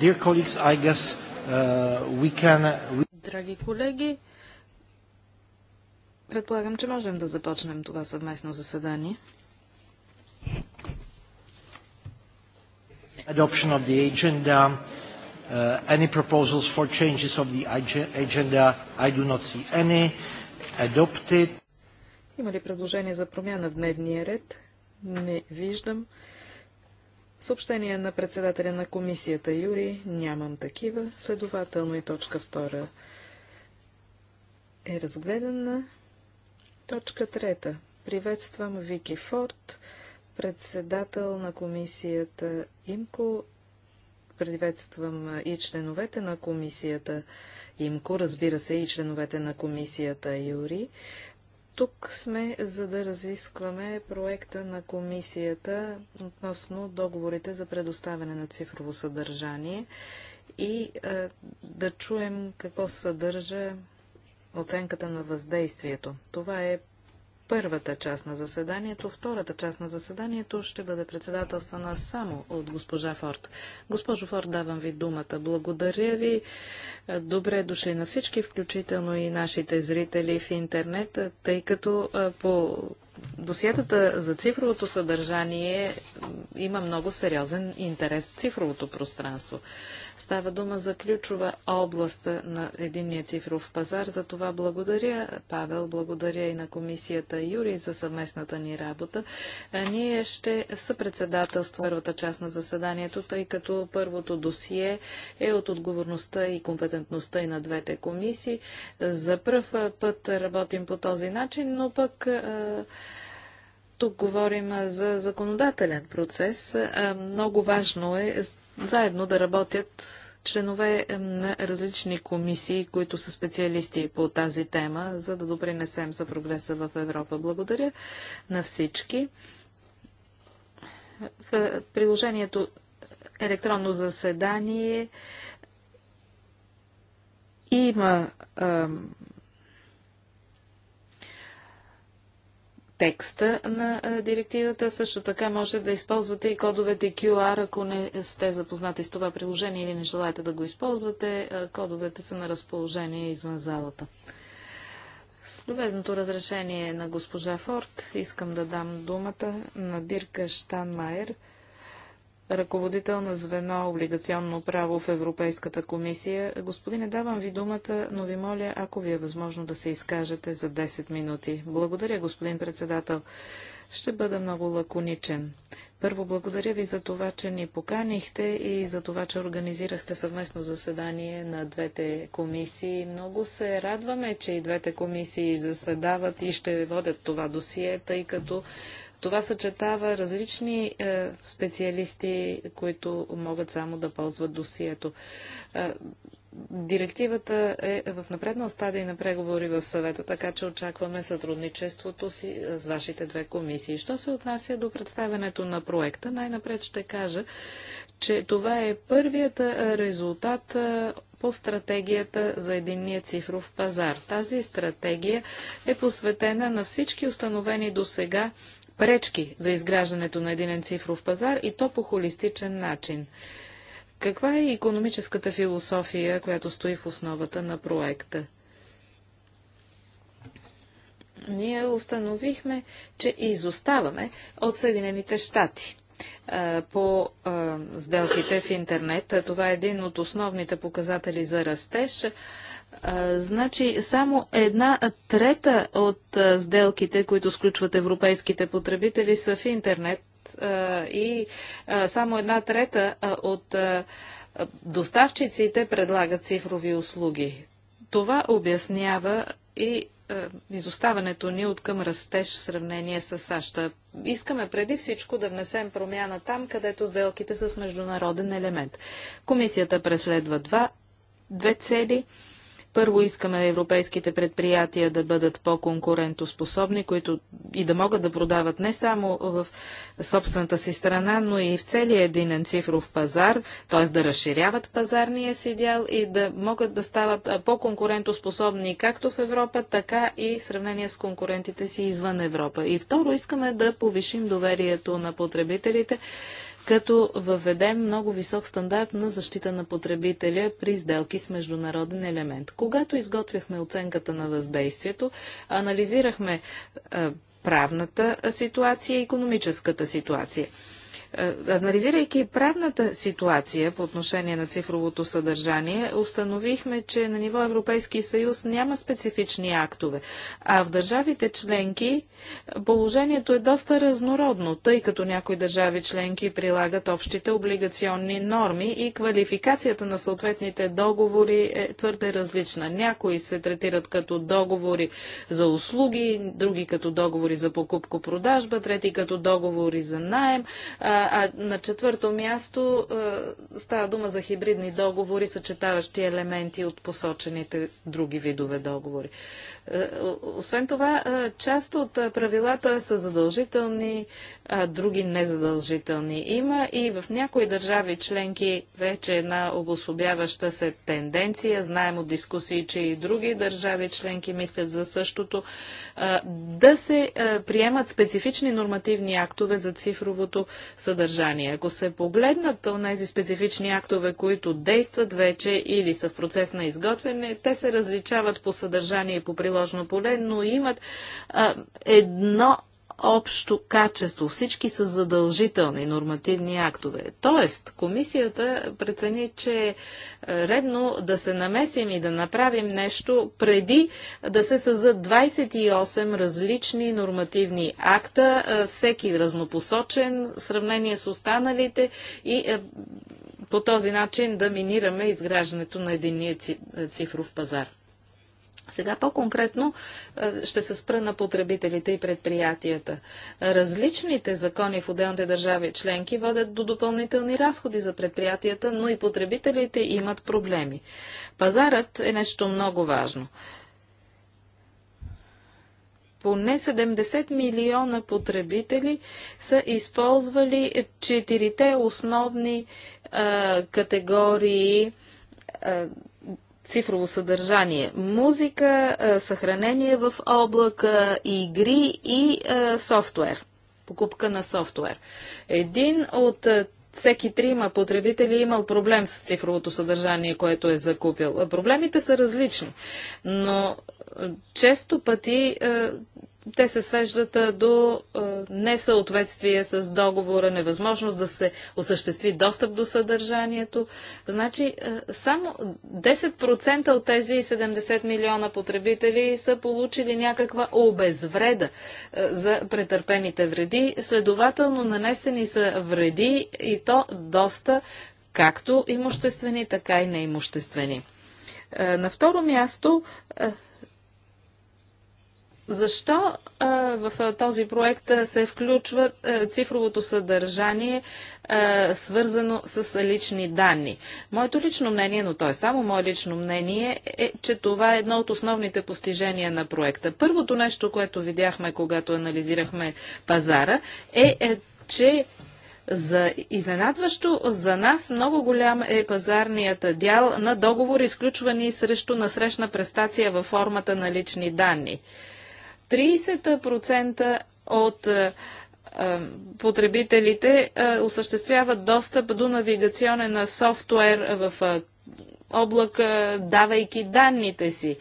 Dear colleagues, I guess uh, we can... Драги колеги, предполагам, че можем да започнем това съвместно заседание. Adoption of the agenda. Uh, any proposals for changes of the agenda? I do not see any. Adopted. Има ли предложение за промяна в дневния ред? Не виждам. Uh, Съобщение на председателя на комисията Юри. Нямам такива. Следователно и точка втора е разгледана. Точка трета. Приветствам Вики Форд, председател на комисията ИМКО. Приветствам и членовете на комисията ИМКО, разбира се, и членовете на комисията Юри. Тук сме за да разискваме проекта на комисията относно договорите за предоставяне на цифрово съдържание и е, да чуем какво съдържа оценката на въздействието. Това е първата част на заседанието. Втората част на заседанието ще бъде председателствана само от госпожа Форд. Госпожо Форд, давам ви думата. Благодаря ви. Добре дошли на всички, включително и нашите зрители в интернет, тъй като по досиетата за цифровото съдържание има много сериозен интерес в цифровото пространство. Става дума за ключова област на единния цифров пазар. За това благодаря, Павел, благодаря и на комисията Юри за съвместната ни работа. Ние ще съпредседателство първата част на заседанието, тъй като първото досие е от отговорността и компетентността и на двете комисии. За първ път работим по този начин, но пък тук говорим за законодателен процес. Много важно е заедно да работят членове на различни комисии, които са специалисти по тази тема, за да допринесем за прогреса в Европа. Благодаря на всички. В приложението електронно заседание има текста на директивата. Също така може да използвате и кодовете QR, ако не сте запознати с това приложение или не желаете да го използвате. Кодовете са на разположение извън залата. С любезното разрешение на госпожа Форд искам да дам думата на Дирка Штанмайер – ръководител на звено облигационно право в Европейската комисия. Господине, давам ви думата, но ви моля, ако ви е възможно да се изкажете за 10 минути. Благодаря, господин председател. Ще бъда много лаконичен. Първо, благодаря ви за това, че ни поканихте и за това, че организирахте съвместно заседание на двете комисии. Много се радваме, че и двете комисии заседават и ще водят това досие, тъй като това съчетава различни е, специалисти, които могат само да ползват досието. Е, директивата е в напреднал стадий на преговори в съвета, така че очакваме сътрудничеството си е, с вашите две комисии. Що се отнася до представянето на проекта, най-напред ще кажа, че това е първият резултат по стратегията за единния цифров пазар. Тази стратегия е посветена на всички установени до сега пречки за изграждането на един цифров пазар и то по холистичен начин. Каква е економическата философия, която стои в основата на проекта? Ние установихме, че изоставаме от Съединените щати по сделките в интернет. Това е един от основните показатели за растеж. Значи само една трета от сделките, които сключват европейските потребители, са в интернет и само една трета от доставчиците предлагат цифрови услуги. Това обяснява и изоставането ни от към растеж в сравнение с САЩ. Искаме преди всичко да внесем промяна там, където сделките са с международен елемент. Комисията преследва два, две цели – първо искаме европейските предприятия да бъдат по-конкурентоспособни, които и да могат да продават не само в собствената си страна, но и в целия единен цифров пазар, т.е. да разширяват пазарния си дял и да могат да стават по-конкурентоспособни както в Европа, така и в сравнение с конкурентите си извън Европа. И второ, искаме да повишим доверието на потребителите като въведем много висок стандарт на защита на потребителя при сделки с международен елемент. Когато изготвяхме оценката на въздействието, анализирахме правната ситуация и економическата ситуация. Е, анализирайки правната ситуация по отношение на цифровото съдържание, установихме, че на ниво Европейски съюз няма специфични актове, а в държавите членки положението е доста разнородно, тъй като някои държави членки прилагат общите облигационни норми и квалификацията на съответните договори е твърде различна. Някои се третират като договори за услуги, други като договори за покупко-продажба, трети като договори за найем. А, а на четвърто място става дума за хибридни договори, съчетаващи елементи от посочените други видове договори. Е, освен това, е, част от е, правилата са задължителни, а други незадължителни. Има и в някои държави членки вече една обособяваща се тенденция. Знаем от дискусии, че и други държави членки мислят за същото. Да се приемат специфични нормативни актове за цифровото съдържание. Ако се погледнат тези специфични актове, които действат вече или са в процес на изготвяне, те се различават по съдържание и по прилагане приложно поле, но имат а, едно общо качество. Всички са задължителни нормативни актове. Тоест, комисията прецени, че е редно да се намесим и да направим нещо преди да се създадат 28 различни нормативни акта, е, всеки разнопосочен в сравнение с останалите и е, по този начин да минираме изграждането на единия цифров пазар. Сега по-конкретно е, ще се спра на потребителите и предприятията. Различните закони в отделните държави членки водят до допълнителни разходи за предприятията, но и потребителите имат проблеми. Пазарът е нещо много важно. Поне 70 милиона потребители са използвали четирите основни а, е, категории а, е, цифрово съдържание, музика, е, съхранение в облака, игри и е, софтуер, покупка на софтуер. Един от е, всеки трима потребители е имал проблем с цифровото съдържание, което е закупил. Проблемите са различни, но често пъти те се свеждат до несъответствие с договора, невъзможност да се осъществи достъп до съдържанието. Значи, само 10% от тези 70 милиона потребители са получили някаква обезвреда за претърпените вреди. Следователно, нанесени са вреди и то доста, както имуществени, така и неимуществени. На второ място, защо а, в а, този проект а, се включва цифровото съдържание, свързано с лични данни? Моето лично мнение, но то е само мое лично мнение, е, че това е едно от основните постижения на проекта. Първото нещо, което видяхме, когато анализирахме пазара, е, е че за изненадващо за нас много голям е пазарният дял на договори, изключвани срещу насрещна престация във формата на лични данни. 30% от е, е, потребителите е, осъществяват достъп до навигационен софтуер в облака, давайки данните си.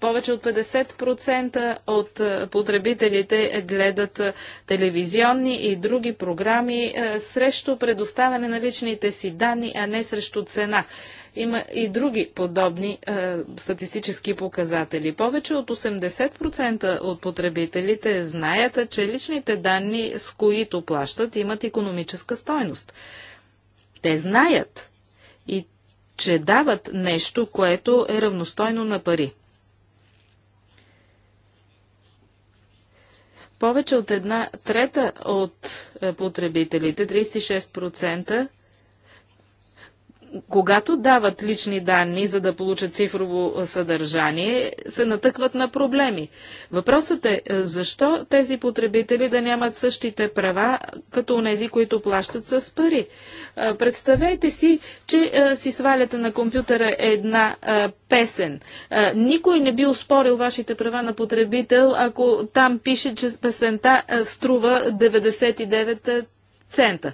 Повече от 50% от потребителите гледат телевизионни и други програми срещу предоставяне на личните си данни, а не срещу цена. Има и други подобни е, статистически показатели. Повече от 80% от потребителите знаят, че личните данни, с които плащат, имат економическа стойност. Те знаят и че дават нещо, което е равностойно на пари. Повече от една трета от е, потребителите, 36%, когато дават лични данни, за да получат цифрово съдържание, се натъкват на проблеми. Въпросът е, защо тези потребители да нямат същите права, като тези, които плащат с пари? Представете си, че си сваляте на компютъра една песен. Никой не би успорил вашите права на потребител, ако там пише, че песента струва 99 цента.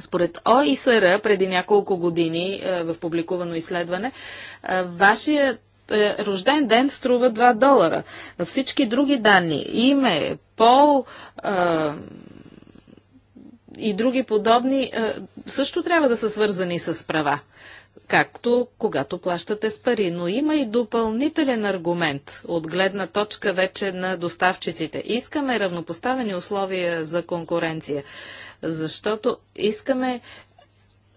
Според ОИСР преди няколко години е, в публикувано изследване, е, вашият е, рожден ден струва 2 долара. Всички други данни, име, пол а, и други подобни, също трябва да са свързани с права както когато плащате с пари. Но има и допълнителен аргумент от гледна точка вече на доставчиците. Искаме равнопоставени условия за конкуренция, защото искаме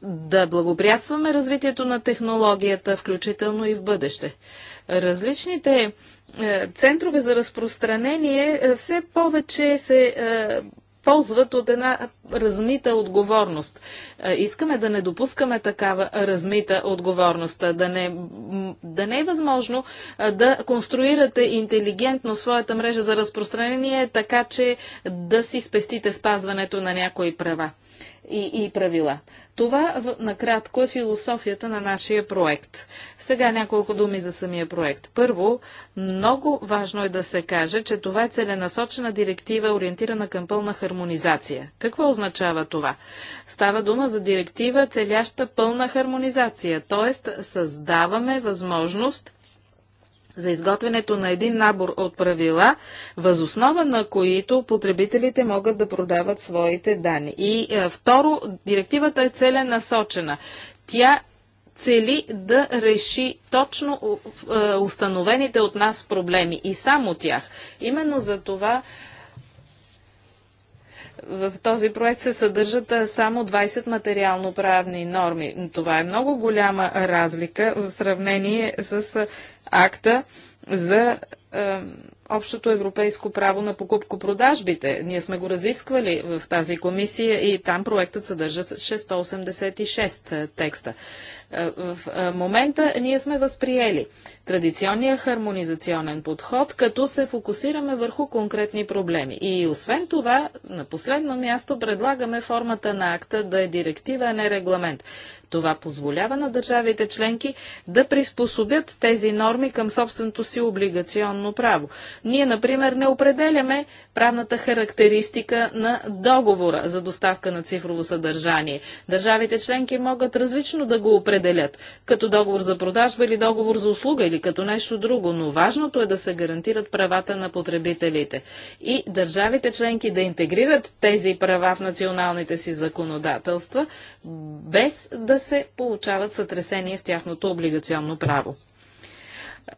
да благоприятстваме развитието на технологията, включително и в бъдеще. Различните е, центрове за разпространение е, все повече се е, ползват от една размита отговорност. Е, искаме да не допускаме такава размита отговорност, да не, да не е възможно е, да конструирате интелигентно своята мрежа за разпространение, така че да си спестите спазването на някои права и, и правила. Това в, накратко е философията на нашия проект. Сега няколко думи за самия проект. Първо, много важно е да се каже, че това е целенасочена директива, ориентирана към пълна хармонизация. Какво означава това? Става дума за директива, целяща пълна хармонизация, т.е. създаваме възможност за изготвянето на един набор от правила, възоснова на които потребителите могат да продават своите данни. И е, второ, директивата е целенасочена. Тя цели да реши точно е, установените от нас проблеми и само тях. Именно за това в този проект се съдържат само 20 материално-правни норми. Това е много голяма разлика в сравнение с акта за е, общото европейско право на покупко-продажбите. Ние сме го разисквали в тази комисия и там проектът съдържа 686 текста. Е, в е, момента ние сме възприели традиционния хармонизационен подход, като се фокусираме върху конкретни проблеми. И освен това, на последно място предлагаме формата на акта да е директива, а не регламент. Това позволява на държавите членки да приспособят тези норми към собственото си облигационно право. Ние, например, не определяме правната характеристика на договора за доставка на цифрово съдържание. Държавите членки могат различно да го определят, като договор за продажба или договор за услуга или като нещо друго, но важното е да се гарантират правата на потребителите и държавите членки да интегрират тези права в националните си законодателства, без да се получават сътресения в тяхното облигационно право.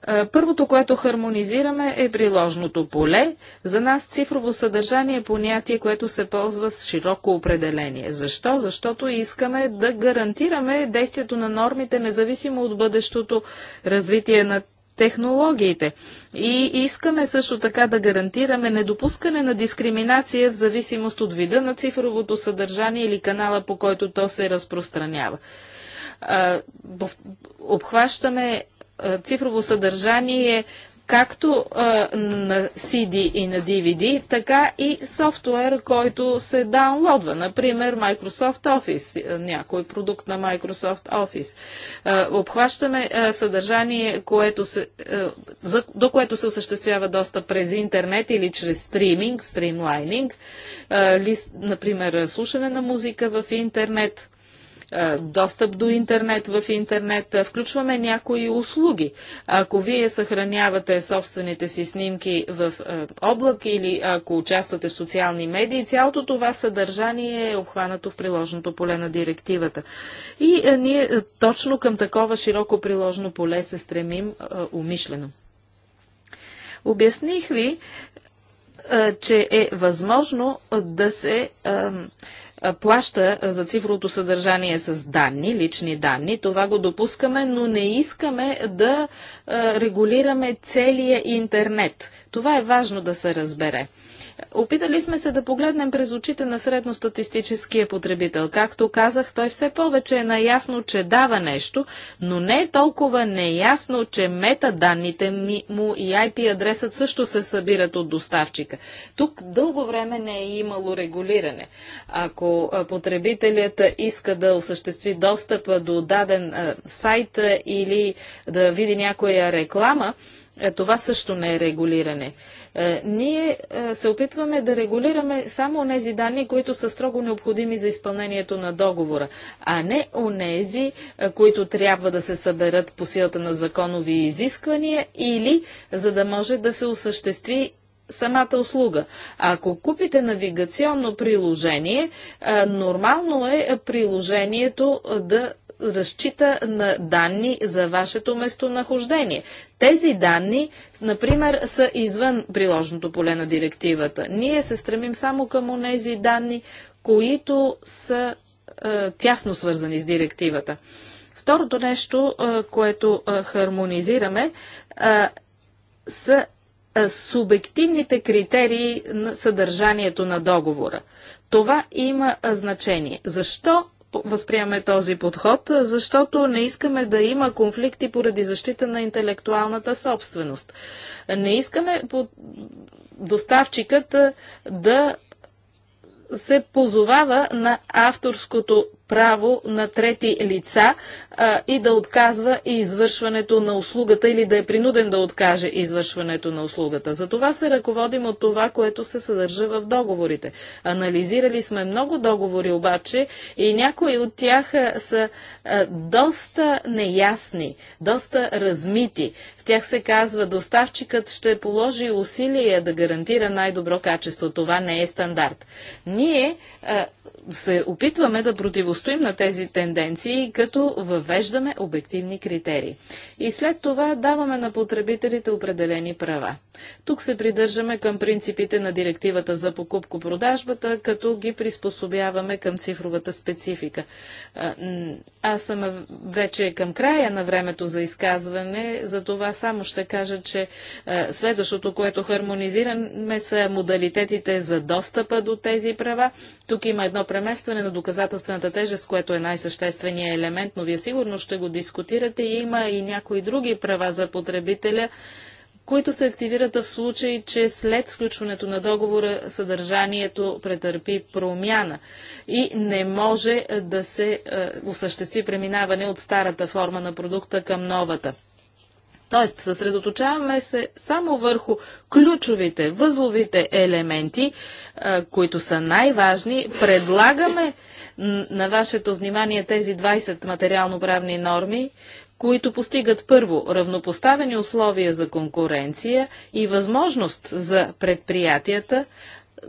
Е, първото, което хармонизираме е приложното поле. За нас цифрово съдържание е понятие, което се ползва с широко определение. Защо? Защото искаме да гарантираме действието на нормите, независимо от бъдещото развитие на технологиите. И искаме също така да гарантираме недопускане на дискриминация в зависимост от вида на цифровото съдържание или канала, по който то се разпространява. Е, обхващаме е, цифрово съдържание както а, е, на CD и на DVD, така и софтуер, който се даунлодва. Например, Microsoft Office, е, някой продукт на Microsoft Office. А, обхващаме а, съдържание, което се, а, за, до което се осъществява доста през интернет или чрез стриминг, стримлайнинг, а, лист, например, слушане на музика в интернет, достъп до интернет в интернет, включваме някои услуги. Ако вие съхранявате собствените си снимки в облак или ако участвате в социални медии, цялото това съдържание е обхванато в приложното поле на директивата. И ние точно към такова широко приложно поле се стремим умишлено. Обясних ви, че е възможно да се плаща за цифровото съдържание с данни, лични данни. Това го допускаме, но не искаме да регулираме целия интернет. Това е важно да се разбере. Опитали сме се да погледнем през очите на средностатистическия потребител. Както казах, той все повече е наясно, че дава нещо, но не е толкова неясно, че метаданните му и IP адресът също се събират от доставчика. Тук дълго време не е имало регулиране. Ако потребителят иска да осъществи достъп до даден сайт или да види някоя реклама, е, това също не е регулиране. Е, ние е, се опитваме да регулираме само онези данни, които са строго необходими за изпълнението на договора, а не онези, които трябва да се съберат по силата на законови изисквания или за да може да се осъществи самата услуга. Ако купите навигационно приложение, нормално е приложението да разчита на данни за вашето местонахождение. Тези данни, например, са извън приложното поле на директивата. Ние се стремим само към тези данни, които са е, тясно свързани с директивата. Второто нещо, е, което е, хармонизираме, е, са субективните критерии на съдържанието на договора. Това има значение. Защо възприеме този подход, защото не искаме да има конфликти поради защита на интелектуалната собственост. Не искаме доставчикът да се позовава на авторското право на трети лица а, и да отказва и извършването на услугата или да е принуден да откаже извършването на услугата. За това се ръководим от това, което се съдържа в договорите. Анализирали сме много договори обаче и някои от тях са а, доста неясни, доста размити. В тях се казва, доставчикът ще положи усилия да гарантира най-добро качество. Това не е стандарт. Ние а, се опитваме да противостоим на тези тенденции, като в въвеждаме обективни критерии. И след това даваме на потребителите определени права. Тук се придържаме към принципите на директивата за покупко-продажбата, като ги приспособяваме към цифровата специфика. Аз съм вече към края на времето за изказване, за това само ще кажа, че следващото, което хармонизираме са модалитетите за достъпа до тези права. Тук има едно преместване на доказателствената тежест, което е най-същественият елемент, но вие сигурно ще го дискутирате. Има и някои други права за потребителя, които се активират в случай, че след сключването на договора съдържанието претърпи промяна и не може да се е, осъществи преминаване от старата форма на продукта към новата. Тоест, съсредоточаваме се само върху ключовите, възловите елементи, които са най-важни. Предлагаме на вашето внимание тези 20 материално-правни норми, които постигат първо равнопоставени условия за конкуренция и възможност за предприятията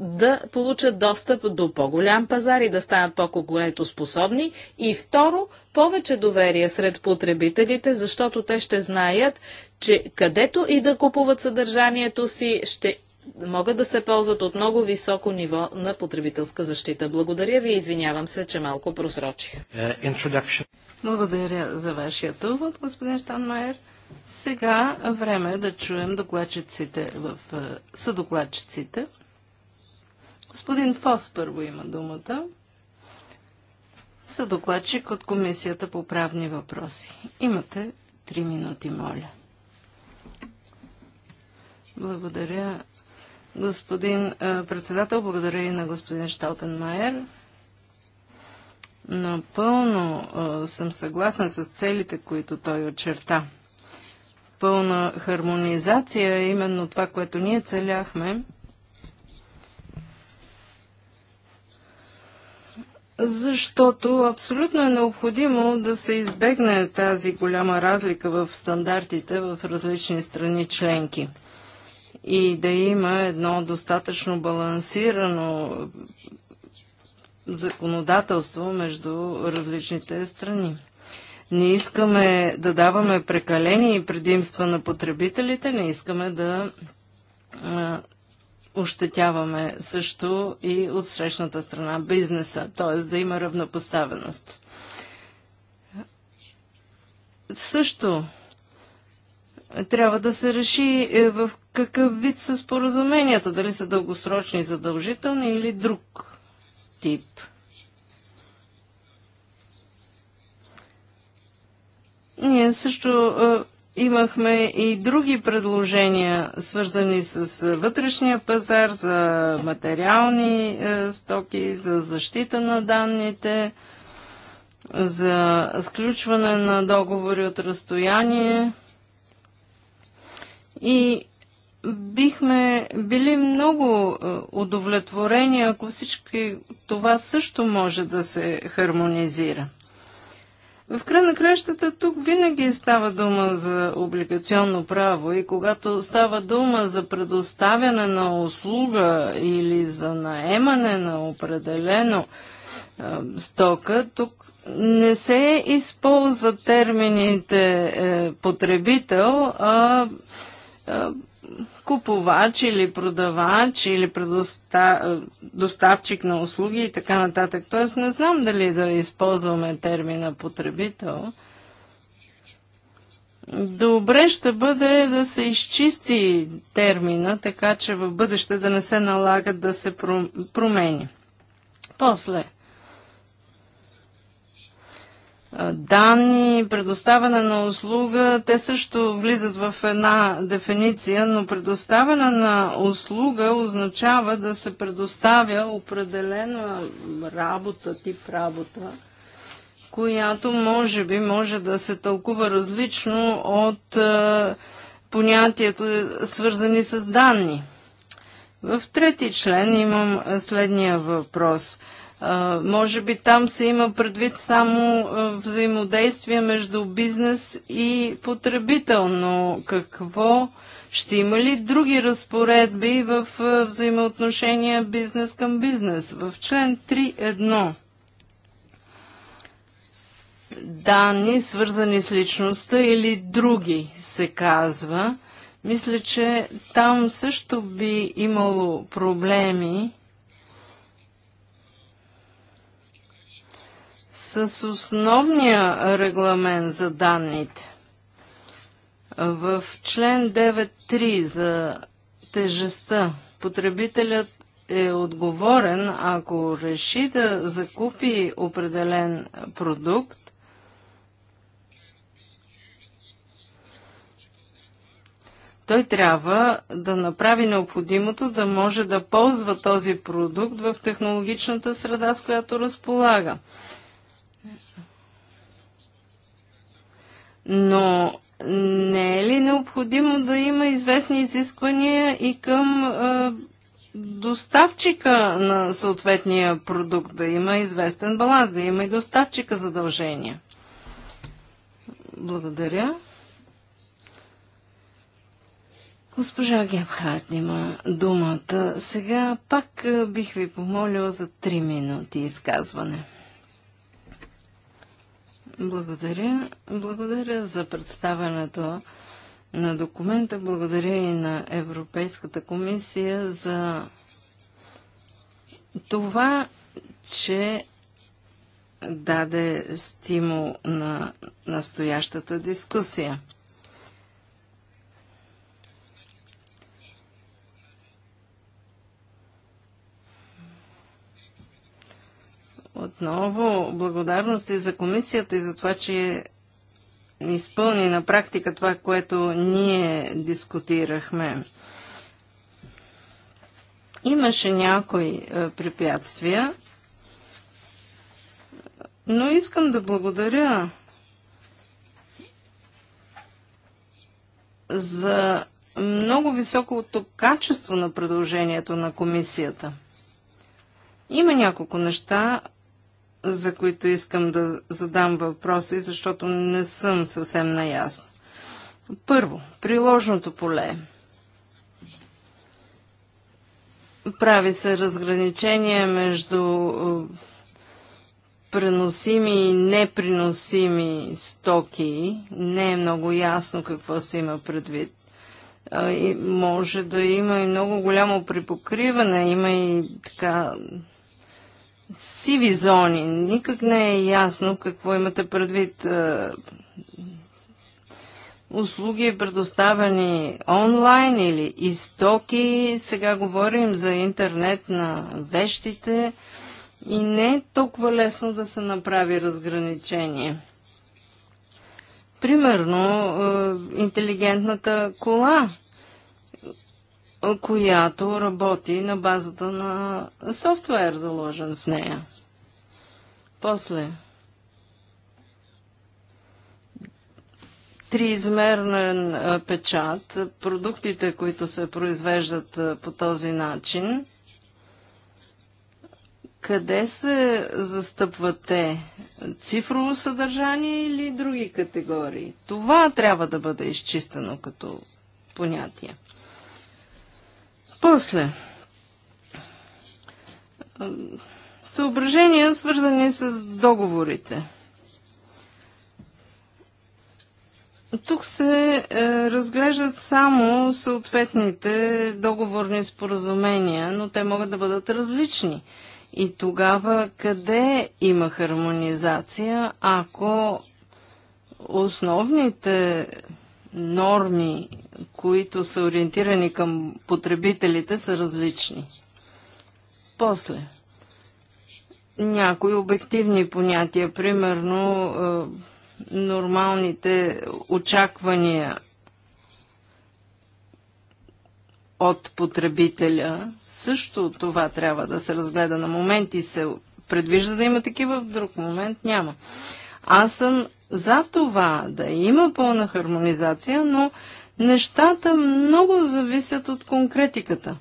да получат достъп до по-голям пазар и да станат по-конкурентоспособни. И второ, повече доверие сред потребителите, защото те ще знаят, че където и да купуват съдържанието си, ще могат да се ползват от много високо ниво на потребителска защита. Благодаря ви и извинявам се, че малко просрочих. Uh, Благодаря за вашия увод, господин Штанмайер. Сега време е да чуем докладчиците в е, съдокладчиците. Господин Фос първо има думата. Съдокладчик от Комисията по правни въпроси. Имате три минути, моля. Благодаря, господин а, председател. Благодаря и на господин Шталтенмайер. Напълно а, съм съгласен с целите, които той очерта. Пълна хармонизация е именно това, което ние целяхме – защото абсолютно е необходимо да се избегне тази голяма разлика в стандартите в различни страни членки и да има едно достатъчно балансирано законодателство между различните страни. Не искаме да даваме прекалени предимства на потребителите, не искаме да ощетяваме също и от срещната страна бизнеса, т.е. да има равнопоставеност. Също трябва да се реши е, в какъв вид са споразуменията, дали са дългосрочни, задължителни или друг тип. Ние също е, Имахме и други предложения, свързани с е, вътрешния пазар, за материални е, стоки, за защита на данните, за сключване на договори от разстояние. И бихме били много е, удовлетворени, ако всички това също може да се хармонизира. В край на кращата тук винаги става дума за облигационно право и когато става дума за предоставяне на услуга или за наемане на определено е, стока, тук не се използват термините е, потребител, а е, купувач или продавач или доставчик на услуги и така нататък. Тоест не знам дали да използваме термина потребител. Добре ще бъде да се изчисти термина, така че в бъдеще да не се налагат да се променя. После – данни, предоставяне на услуга, те също влизат в една дефиниция, но предоставяне на услуга означава да се предоставя определена работа, тип работа, която може би може да се тълкува различно от е, понятието свързани с данни. В трети член имам следния въпрос – може би там се има предвид само взаимодействие между бизнес и потребител, но какво ще има ли други разпоредби в взаимоотношения бизнес към бизнес? В член 3.1 данни, свързани с личността или други, се казва. Мисля, че там също би имало проблеми с основния регламент за данните. В член 9.3 за тежестта потребителят е отговорен, ако реши да закупи определен продукт, той трябва да направи необходимото да може да ползва този продукт в технологичната среда, с която разполага. Но не е ли необходимо да има известни изисквания и към а, доставчика на съответния продукт, да има известен баланс, да има и доставчика задължения? Благодаря. Госпожа Гебхард има думата. Сега пак бих ви помолила за три минути изказване. Благодаря. Благодаря за представянето на документа. Благодаря и на Европейската комисия за това, че даде стимул на настоящата дискусия. Отново благодарности за комисията и за това, че изпълни на практика това, което ние дискутирахме. Имаше някои е, препятствия, но искам да благодаря за много високото качество на предложението на комисията. Има няколко неща, за които искам да задам въпроси, защото не съм съвсем наясна. Първо, приложното поле. Прави се разграничение между е, преносими и неприносими стоки. Не е много ясно какво се има предвид. И може да има и много голямо припокриване, има и така сиви зони. Никак не е ясно какво имате предвид. Е, услуги предоставени онлайн или истоки, Сега говорим за интернет на вещите и не е толкова лесно да се направи разграничение. Примерно, е, интелигентната кола – която работи на базата на софтуер, заложен в нея. После. Триизмерен печат, продуктите, които се произвеждат по този начин, къде се застъпват те? Цифрово съдържание или други категории? Това трябва да бъде изчистено като понятие. После. Съображения, свързани с договорите. Тук се е, разглеждат само съответните договорни споразумения, но те могат да бъдат различни. И тогава къде има хармонизация, ако основните норми които са ориентирани към потребителите, са различни. После, някои обективни понятия, примерно е, нормалните очаквания от потребителя, също това трябва да се разгледа. На моменти се предвижда да има такива, в друг момент няма. Аз съм за това да има пълна хармонизация, но Нещата много зависят от конкретиката.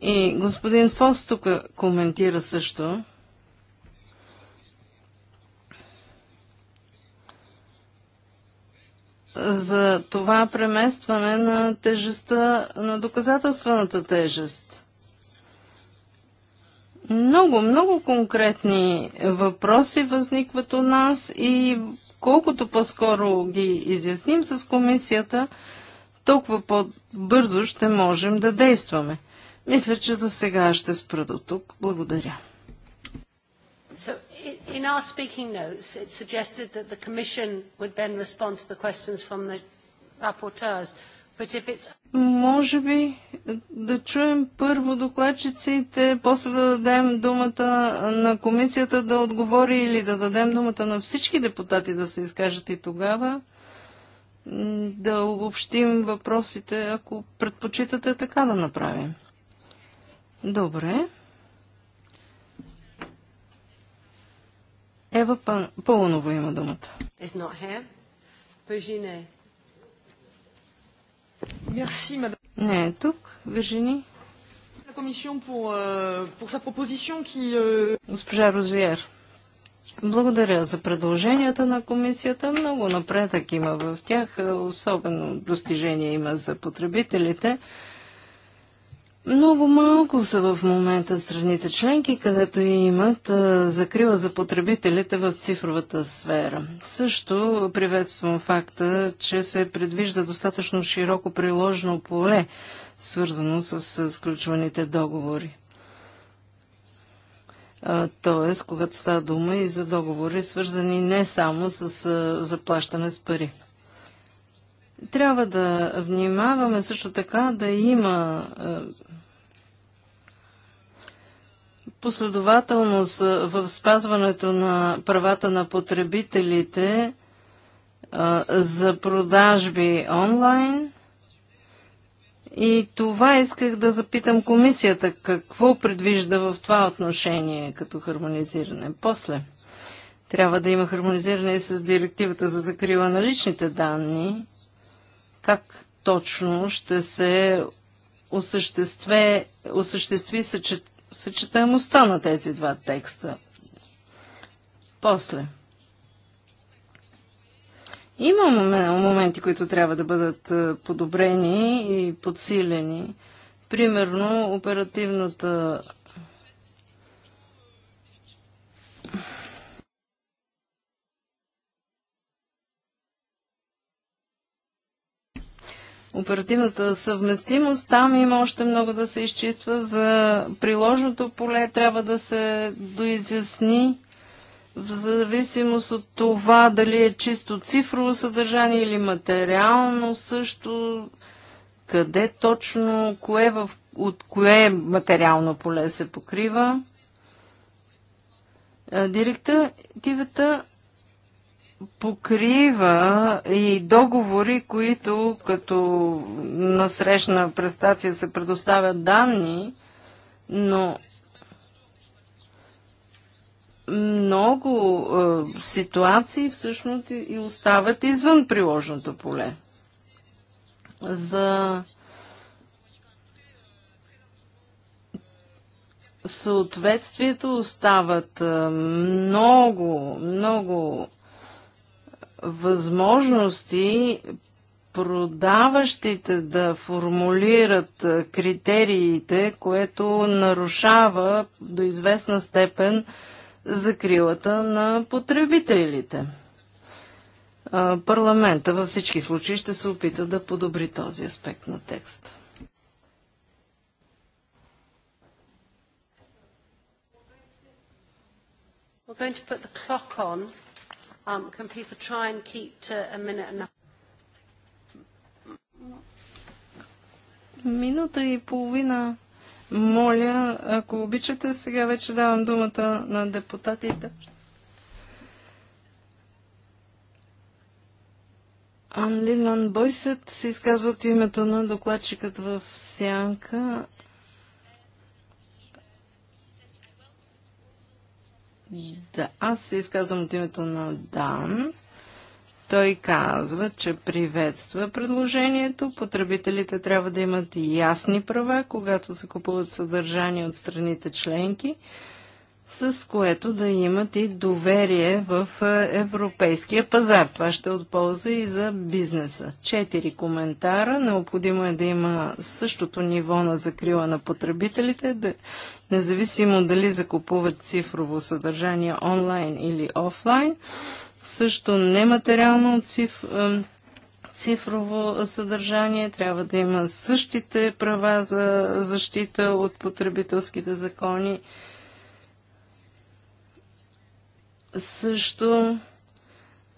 И господин Фос тук коментира също. за това преместване на тежестта, на доказателствената тежест. Много, много конкретни въпроси възникват у нас и колкото по-скоро ги изясним с комисията, толкова по-бързо ще можем да действаме. Мисля, че за сега ще спра до тук. Благодаря. So, in our speaking notes, suggested that the Commission would then respond to the questions from the rapporteurs. But if it's... Може би да чуем първо докладчиците, после да дадем думата на комисията да отговори или да дадем думата на всички депутати да се изкажат и тогава да обобщим въпросите, ако предпочитате така да направим. Добре. Ева Пъл... Пълнова има думата. Не е тук. Вержини. Euh, euh, Госпожа Розвиер. Благодаря за предложенията на комисията. Много напредък има в тях. Е, особено достижение има за потребителите. Много малко са в момента страните членки, където имат е, закрила за потребителите в цифровата сфера. Също приветствам факта, че се предвижда достатъчно широко приложено поле, свързано с е, сключваните договори т.е. когато става дума и за договори, свързани не само с заплащане с пари. Трябва да внимаваме също така да има последователност в спазването на правата на потребителите за продажби онлайн и това исках да запитам комисията, какво предвижда в това отношение като хармонизиране. После трябва да има хармонизиране с директивата за закрила на личните данни. Как точно ще се осъществи, осъществи съчет, съчетаемостта на тези два текста? После – има моменти, които трябва да бъдат е, подобрени и подсилени. Примерно оперативната оперативната съвместимост, там има още много да се изчиства. За приложното поле трябва да се доизясни в зависимост от това дали е чисто цифрово съдържание или материално също, къде точно, кое в, от кое материално поле се покрива. Директивата покрива и договори, които като насрещна престация се предоставят данни, но много е, ситуации всъщност и остават извън приложното поле. За съответствието остават е, много, много възможности продаващите да формулират е, критериите, което нарушава до известна степен закрилата на потребителите. Парламента във всички случаи ще се опита да подобри този аспект на текста. Um, Минута и половина моля, ако обичате, сега вече давам думата на депутатите. Ан Лилан Бойсет се изказва от името на докладчикът в Сянка. Да, аз се изказвам от името на Дан. Той казва, че приветства предложението. Потребителите трябва да имат ясни права, когато се купуват съдържание от страните членки, с което да имат и доверие в е, европейския пазар. Това ще е от полза и за бизнеса. Четири коментара. Необходимо е да има същото ниво на закрила на потребителите, да, независимо дали закупуват цифрово съдържание онлайн или офлайн също нематериално циф, е, цифрово съдържание, трябва да има същите права за защита от потребителските закони. Също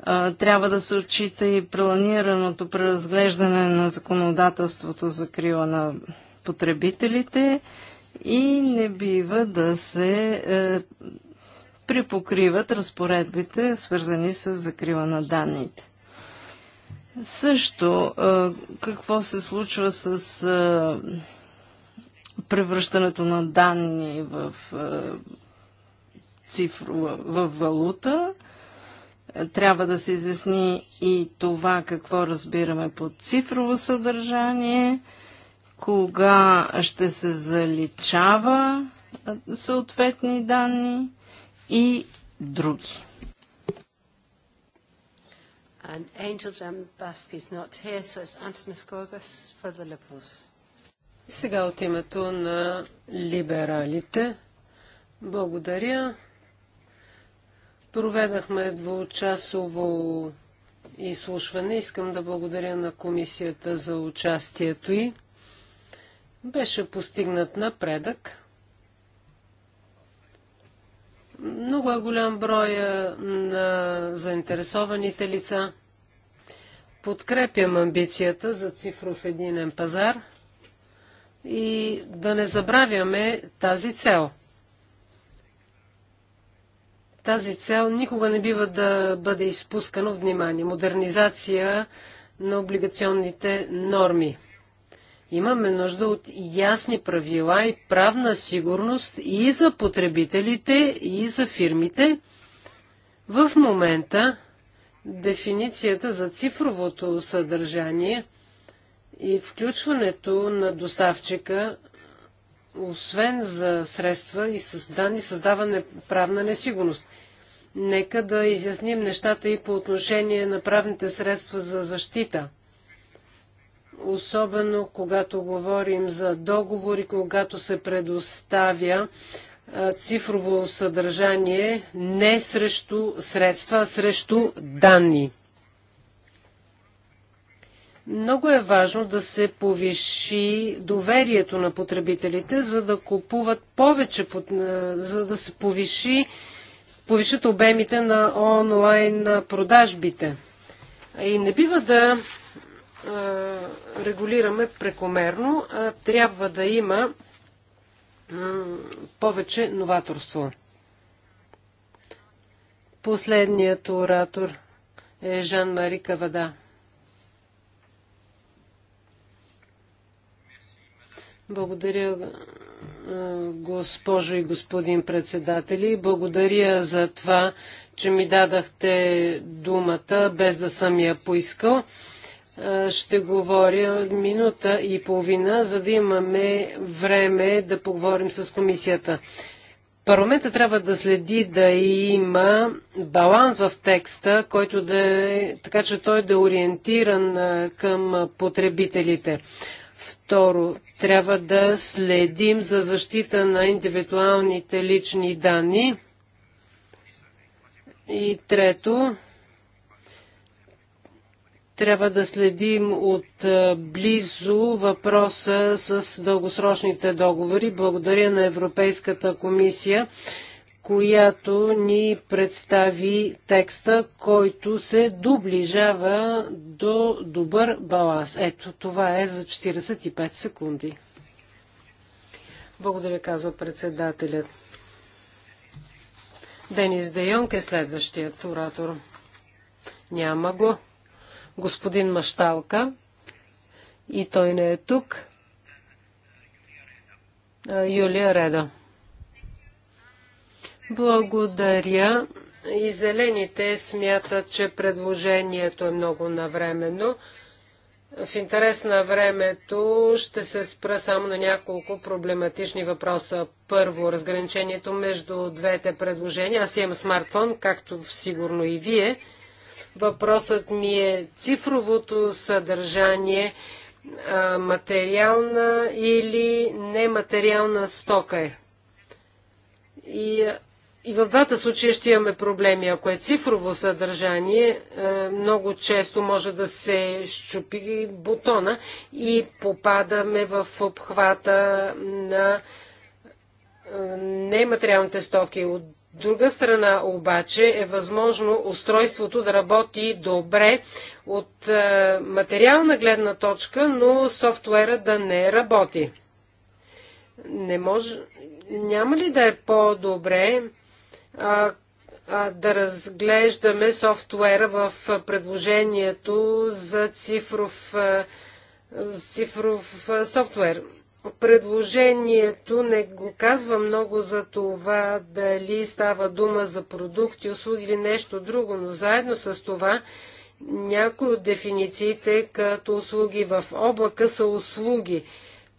а, е, трябва да се отчита и планираното преразглеждане на законодателството за крила на потребителите и не бива да се е, припокриват разпоредбите, свързани с закрива на данните. Също какво се случва с превръщането на данни в цифрова, в валута. Трябва да се изясни и това какво разбираме под цифрово съдържание, кога ще се заличава съответни данни и други. Сега от името на либералите. Благодаря. Проведахме двучасово изслушване. Искам да благодаря на комисията за участието й. Беше постигнат напредък. Много е голям брой е, на заинтересованите лица. Подкрепям амбицията за цифров единен пазар и да не забравяме тази цел. Тази цел никога не бива да бъде изпускано внимание. Модернизация на облигационните норми. Имаме нужда от ясни правила и правна сигурност и за потребителите, и за фирмите. В момента дефиницията за цифровото съдържание и включването на доставчика, освен за средства и с данни, създава правна несигурност. Нека да изясним нещата и по отношение на правните средства за защита – особено когато говорим за договори, когато се предоставя цифрово съдържание не срещу средства, а срещу данни. Много е важно да се повиши доверието на потребителите, за да купуват повече, за да се повиши, повишат обемите на онлайн продажбите. И не бива да регулираме прекомерно. а Трябва да има повече новаторство. Последният оратор е Жан-Мари Кавада. Благодаря, госпожо и господин председатели. Благодаря за това, че ми дадахте думата, без да съм я поискал. Е, ще говоря минута и половина, за да имаме време да поговорим с комисията. Парламента трябва да следи да има баланс в текста, който да е, така че той да е ориентиран е, към потребителите. Второ, трябва да следим за защита на индивидуалните лични данни. И трето, трябва да следим от близо въпроса с дългосрочните договори. Благодаря на Европейската комисия, която ни представи текста, който се доближава до добър баланс. Ето, това е за 45 секунди. Благодаря, казва председателят. Денис Дейонг е следващият оратор. Няма го господин Машталка и той не е тук. Юлия Реда. Благодаря. И зелените смятат, че предложението е много навременно. В интерес на времето ще се спра само на няколко проблематични въпроса. Първо, разграничението между двете предложения. Аз имам смартфон, както сигурно и вие. Въпросът ми е цифровото съдържание, материална или нематериална стока е. И, и в двата случая ще имаме проблеми. Ако е цифрово съдържание, е, много често може да се щупи бутона и попадаме в обхвата на е, нематериалните стоки. От друга страна обаче е възможно устройството да работи добре от е, материална гледна точка, но софтуера да не работи. Не може... Няма ли да е по-добре е, да разглеждаме софтуера в предложението за цифров, е, цифров софтуер? Предложението не го казва много за това дали става дума за продукти, услуги или нещо друго, но заедно с това някои от дефинициите като услуги в облака са услуги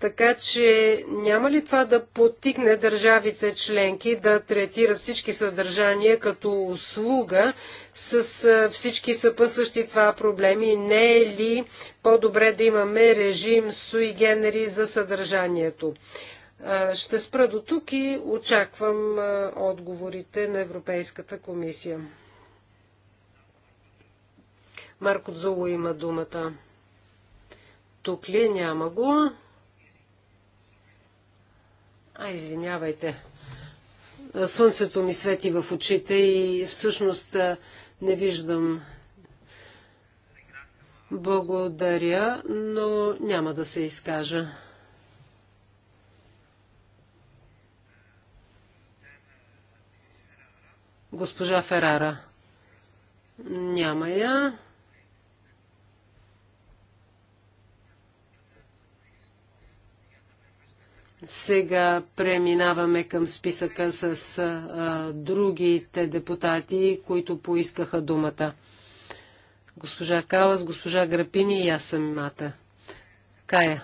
така че няма ли това да потикне държавите членки да третират всички съдържания като услуга с всички съпъсващи това проблеми? Не е ли по-добре да имаме режим суи генери за съдържанието? Ще спра до тук и очаквам отговорите на Европейската комисия. Марко Дзуло има думата. Тук ли няма го? А, извинявайте. Слънцето ми свети в очите и всъщност не виждам. Благодаря, но няма да се изкажа. Госпожа Ферара. Няма я. Сега преминаваме към списъка с а, другите депутати, които поискаха думата. Госпожа Калас, госпожа Грапини и аз самата. Кая.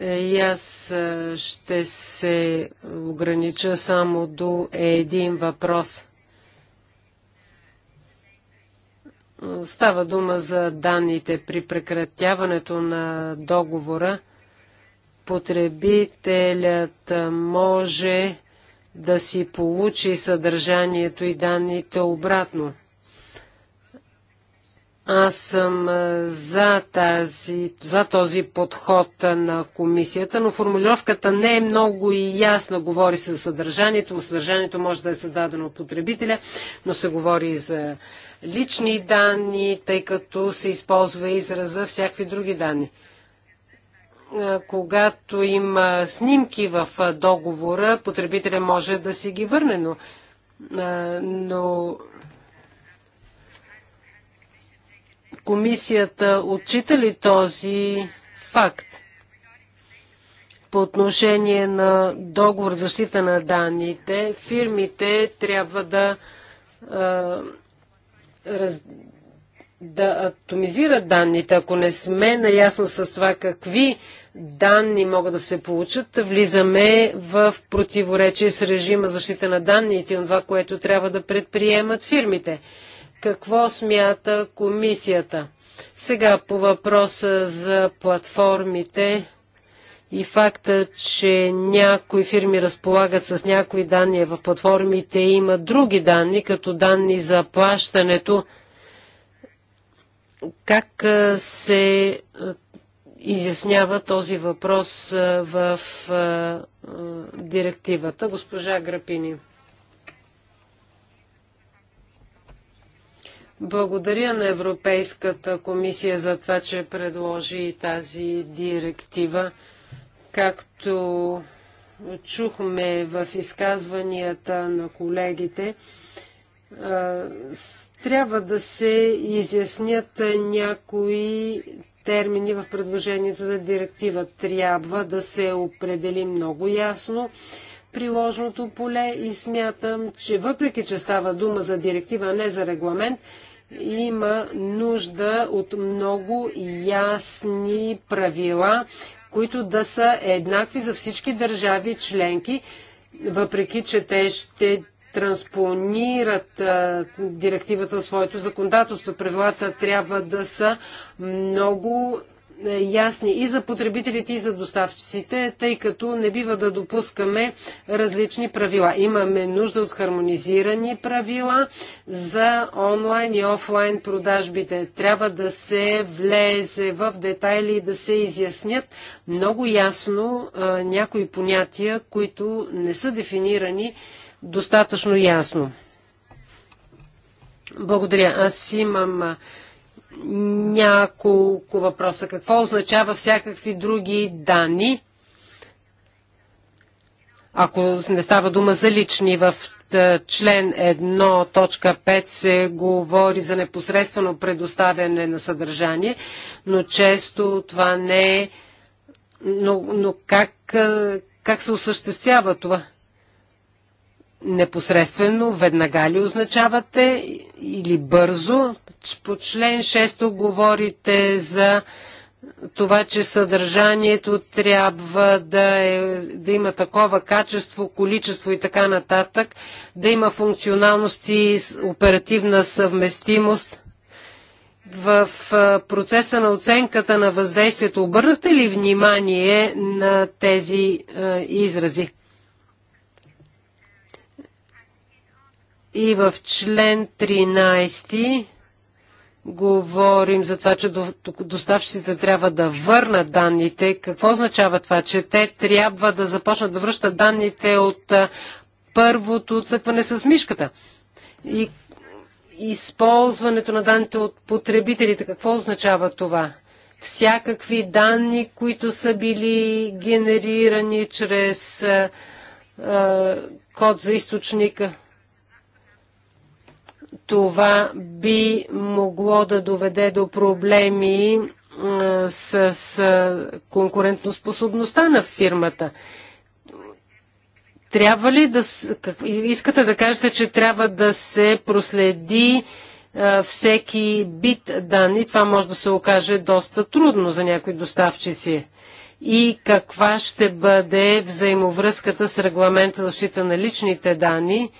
Е, и аз ще се огранича само до един въпрос. Става дума за данните при прекратяването на договора потребителят може да си получи съдържанието и данните обратно. Аз съм за, тази, за този подход на комисията, но формулировката не е много и ясна. Говори се за съдържанието, но съдържанието може да е създадено от потребителя, но се говори и за лични данни, тъй като се използва израза всякакви други данни. Е, когато има снимки в е, договора, потребителя може да си ги върне, но, е, но комисията отчита ли този факт? По отношение на договор защита на данните, фирмите трябва да да атомизират данните. Ако не сме наясно с това какви данни могат да се получат, влизаме в противоречие с режима защита на данните и това, което трябва да предприемат фирмите. Какво смята комисията? Сега по въпроса за платформите и факта, че някои фирми разполагат с някои данни в платформите и имат други данни, като данни за плащането, как се изяснява този въпрос в директивата. Госпожа Грапини. Благодаря на Европейската комисия за това, че предложи тази директива. Както чухме в изказванията на колегите, трябва да се изяснят някои термини в предложението за директива. Трябва да се определи много ясно приложното поле и смятам, че въпреки, че става дума за директива, а не за регламент, има нужда от много ясни правила, които да са еднакви за всички държави членки, въпреки, че те ще транспонират а, директивата в своето законодателство. Правилата трябва да са много е, ясни и за потребителите, и за доставчиците, тъй като не бива да допускаме различни правила. Имаме нужда от хармонизирани правила за онлайн и офлайн продажбите. Трябва да се влезе в детайли и да се изяснят много ясно а, някои понятия, които не са дефинирани достатъчно ясно. Благодаря. Аз имам няколко въпроса. Какво означава всякакви други данни? Ако не става дума за лични, в член 1.5 се говори за непосредствено предоставяне на съдържание, но често това не е. Но, но как, как се осъществява това? непосредствено, веднага ли означавате или бързо? По член 6 говорите за това, че съдържанието трябва да, е, да има такова качество, количество и така нататък, да има функционалност и оперативна съвместимост. В процеса на оценката на въздействието обърнахте ли внимание на тези е, изрази? И в член 13 говорим за това, че доставчиците трябва да върнат данните. Какво означава това? Че те трябва да започнат да връщат данните от първото отсъкване с мишката. И използването на данните от потребителите, какво означава това? Всякакви данни, които са били генерирани чрез а, код за източника. Това би могло да доведе до проблеми с конкурентоспособността на фирмата. Трябва ли да... Искате да кажете, че трябва да се проследи всеки бит данни. Това може да се окаже доста трудно за някои доставчици. И каква ще бъде взаимовръзката с регламента за защита на личните данни?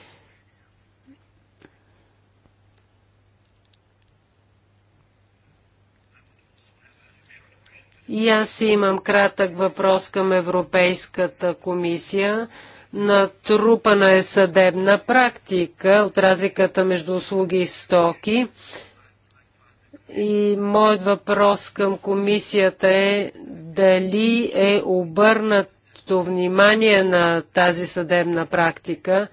И аз имам кратък въпрос към Европейската комисия. Натрупана е съдебна практика от разликата между услуги и стоки. И моят въпрос към комисията е дали е обърнато внимание на тази съдебна практика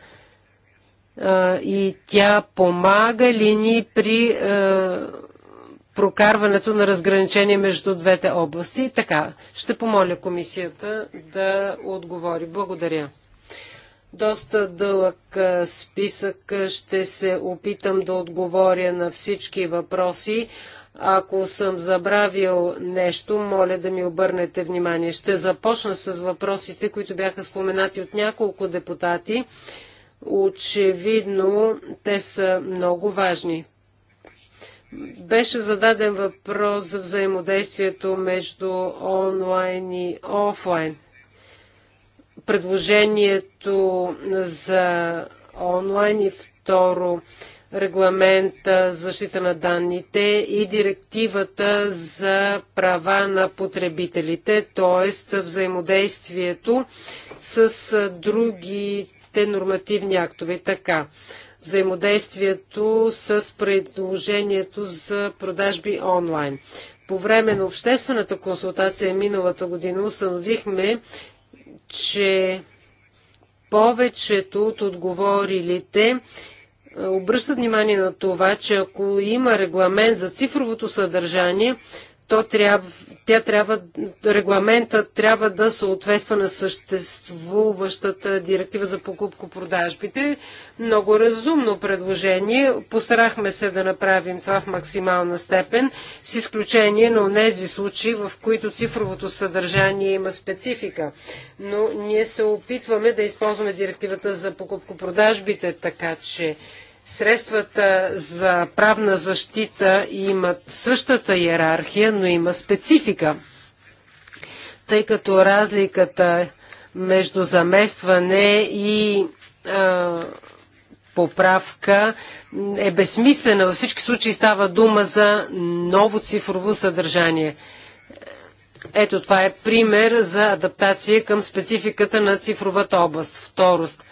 и тя помага ли ни при прокарването на разграничение между двете области. Така, ще помоля комисията да отговори. Благодаря. Доста дълъг списък. Ще се опитам да отговоря на всички въпроси. Ако съм забравил нещо, моля да ми обърнете внимание. Ще започна с въпросите, които бяха споменати от няколко депутати. Очевидно, те са много важни. Беше зададен въпрос за взаимодействието между онлайн и офлайн. Предложението за онлайн и второ регламента за защита на данните и директивата за права на потребителите, т.е. взаимодействието с другите нормативни актове. Така, взаимодействието с предложението за продажби онлайн. По време на обществената консултация миналата година установихме, че повечето от отговорилите е, обръщат внимание на това, че ако има регламент за цифровото съдържание, то трябва, тя трябва, регламентът трябва да съответства на съществуващата директива за покупко-продажбите. Много разумно предложение. Постарахме се да направим това в максимална степен, с изключение на тези случаи, в които цифровото съдържание има специфика. Но ние се опитваме да използваме директивата за покупко-продажбите, така че Средствата за правна защита имат същата иерархия, но има специфика, тъй като разликата между заместване и а, поправка е безсмислена. Във всички случаи става дума за ново цифрово съдържание. Ето това е пример за адаптация към спецификата на цифровата област. Второст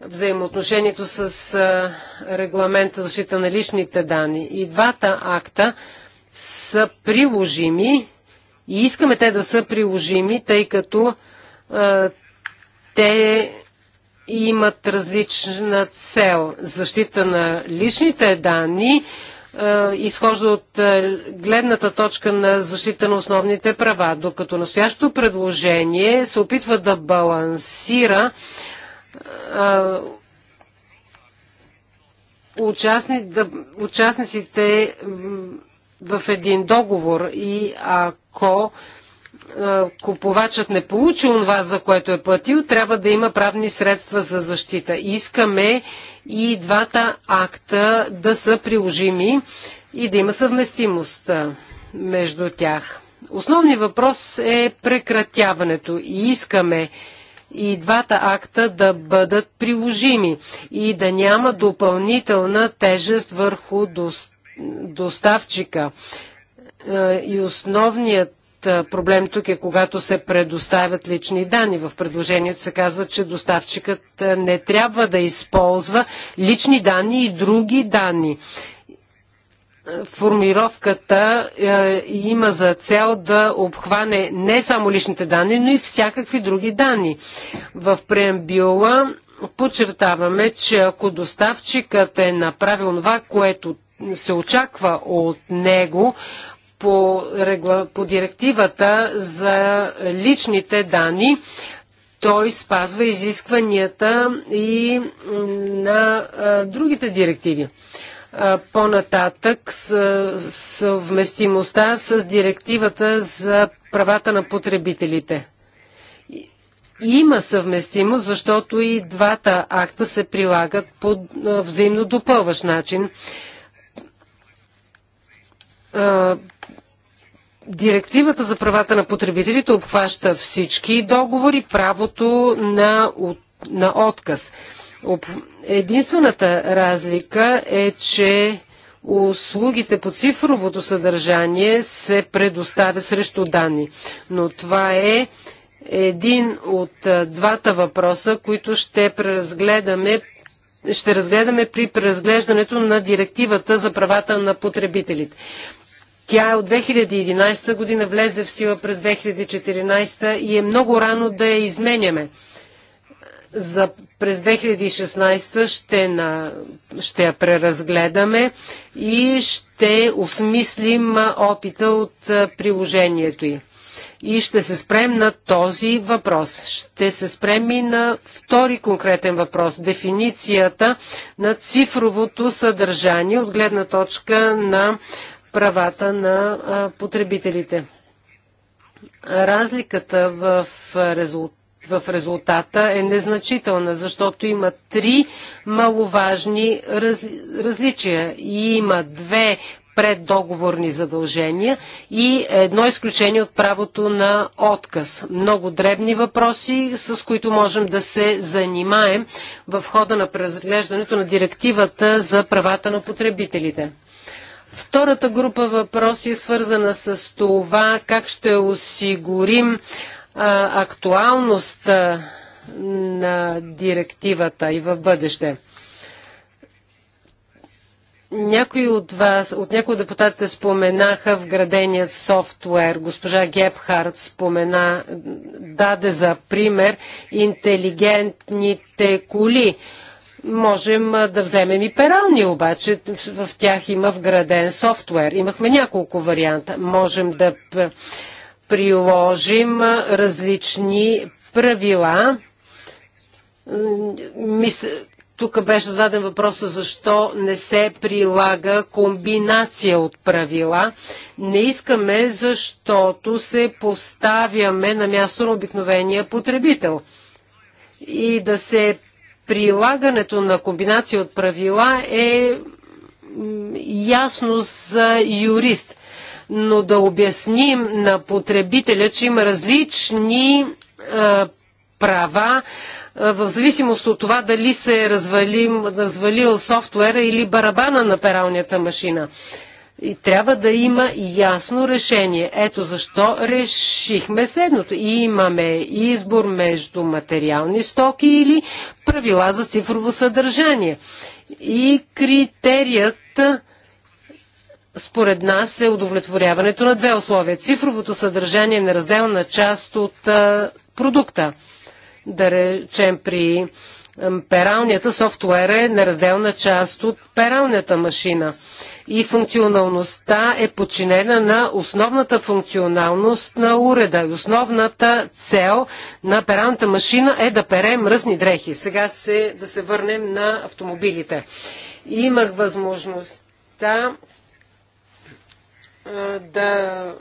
взаимоотношението с регламента за защита на личните данни. И двата акта са приложими и искаме те да са приложими, тъй като а, те имат различна цел. Защита на личните данни а, изхожда от а, гледната точка на защита на основните права, докато настоящото предложение се опитва да балансира а, участни, да, участниците в един договор и ако купувачът не получи това, за което е платил, трябва да има правни средства за защита. Искаме и двата акта да са приложими и да има съвместимост между тях. Основният въпрос е прекратяването и искаме и двата акта да бъдат приложими и да няма допълнителна тежест върху доставчика. Е, и основният е, проблем тук е когато се предоставят лични данни. В предложението се казва, че доставчикът е, не трябва да използва лични данни и други данни формировката е, има за цел да обхване не само личните данни, но и всякакви други данни. В преамбюла подчертаваме, че ако доставчикът е направил това, което се очаква от него по, регла... по директивата за личните данни, той спазва изискванията и на а, другите директиви по-нататък съвместимостта с директивата за правата на потребителите. Има съвместимост, защото и двата акта се прилагат по взаимно допълващ начин. Директивата за правата на потребителите обхваща всички договори, правото на, на отказ. Единствената разлика е, че услугите по цифровото съдържание се предоставя срещу данни. Но това е един от двата въпроса, които ще преразгледаме ще разгледаме при преразглеждането на директивата за правата на потребителите. Тя е от 2011 година, влезе в сила през 2014 и е много рано да я изменяме за през 2016 ще, на, ще я преразгледаме и ще осмислим опита от приложението й. И ще се спрем на този въпрос. Ще се спрем и на втори конкретен въпрос. Дефиницията на цифровото съдържание от гледна точка на правата на потребителите. Разликата в резултат в резултата е незначителна, защото има три маловажни раз, различия. И има две преддоговорни задължения и едно изключение от правото на отказ. Много дребни въпроси, с които можем да се занимаем в хода на преразглеждането на директивата за правата на потребителите. Втората група въпроси е свързана с това как ще осигурим актуалност на директивата и в бъдеще. Някои от вас, от някои от депутатите споменаха вграденият софтуер. Госпожа Гепхард спомена, даде за пример интелигентните коли. Можем да вземем и перални, обаче в тях има вграден софтуер. Имахме няколко варианта. Можем да приложим различни правила. Тук беше заден въпроса защо не се прилага комбинация от правила. Не искаме, защото се поставяме на място на обикновения потребител. И да се прилагането на комбинация от правила е ясно за юрист – но да обясним на потребителя, че има различни а, права в зависимост от това дали се е развалил, развалил софтуера или барабана на пералнята машина. И трябва да има ясно решение. Ето защо решихме следното. И имаме избор между материални стоки или правила за цифрово съдържание. И критерият според нас е удовлетворяването на две условия. Цифровото съдържание е неразделна част от продукта. Да речем при пералнията, софтуер е неразделна част от пералната машина. И функционалността е подчинена на основната функционалност на уреда. И Основната цел на пералната машина е да пере мръсни дрехи. Сега се, да се върнем на автомобилите. Имах възможността да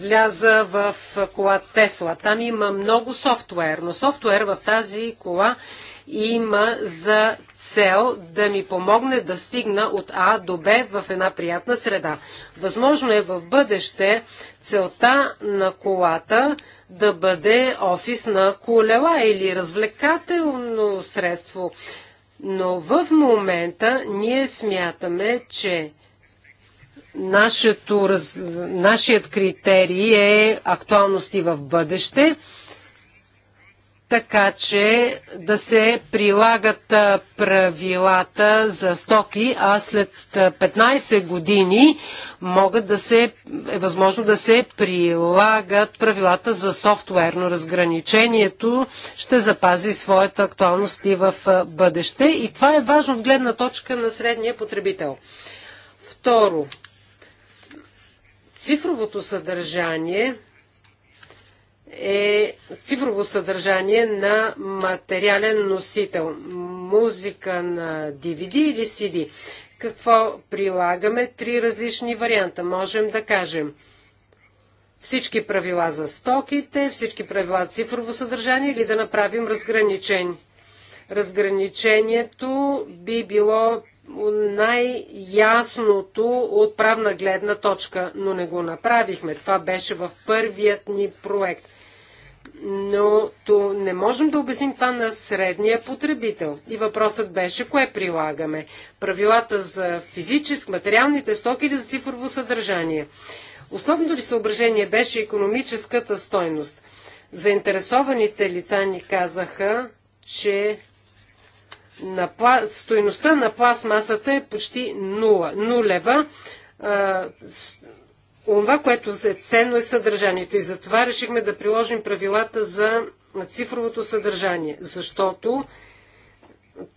вляза в кола Тесла. Там има много софтуер, но софтуер в тази кола има за цел да ми помогне да стигна от А до Б в една приятна среда. Възможно е в бъдеще целта на колата да бъде офис на колела или развлекателно средство. Но в момента ние смятаме, че Нашето, раз, нашият критерий е актуалности в бъдеще, така че да се прилагат правилата за стоки, а след 15 години могат да се, е възможно да се прилагат правилата за софтуерно разграничението, ще запази своята актуалност и в бъдеще. И това е важно в гледна точка на средния потребител. Второ, Цифровото съдържание е цифрово съдържание на материален носител. Музика на DVD или CD. Какво прилагаме? Три различни варианта. Можем да кажем всички правила за стоките, всички правила за цифрово съдържание или да направим разграничение. Разграничението би било най-ясното от правна гледна точка, но не го направихме. Това беше в първият ни проект. Но то не можем да обясним това на средния потребител. И въпросът беше, кое прилагаме? Правилата за физически, материалните стоки или за цифрово съдържание? Основното ли съображение беше економическата стойност. Заинтересованите лица ни казаха, че на пла... стоеността на пластмасата е почти нула, нулева. А, Онова, което е ценно е съдържанието и затова решихме да приложим правилата за цифровото съдържание, защото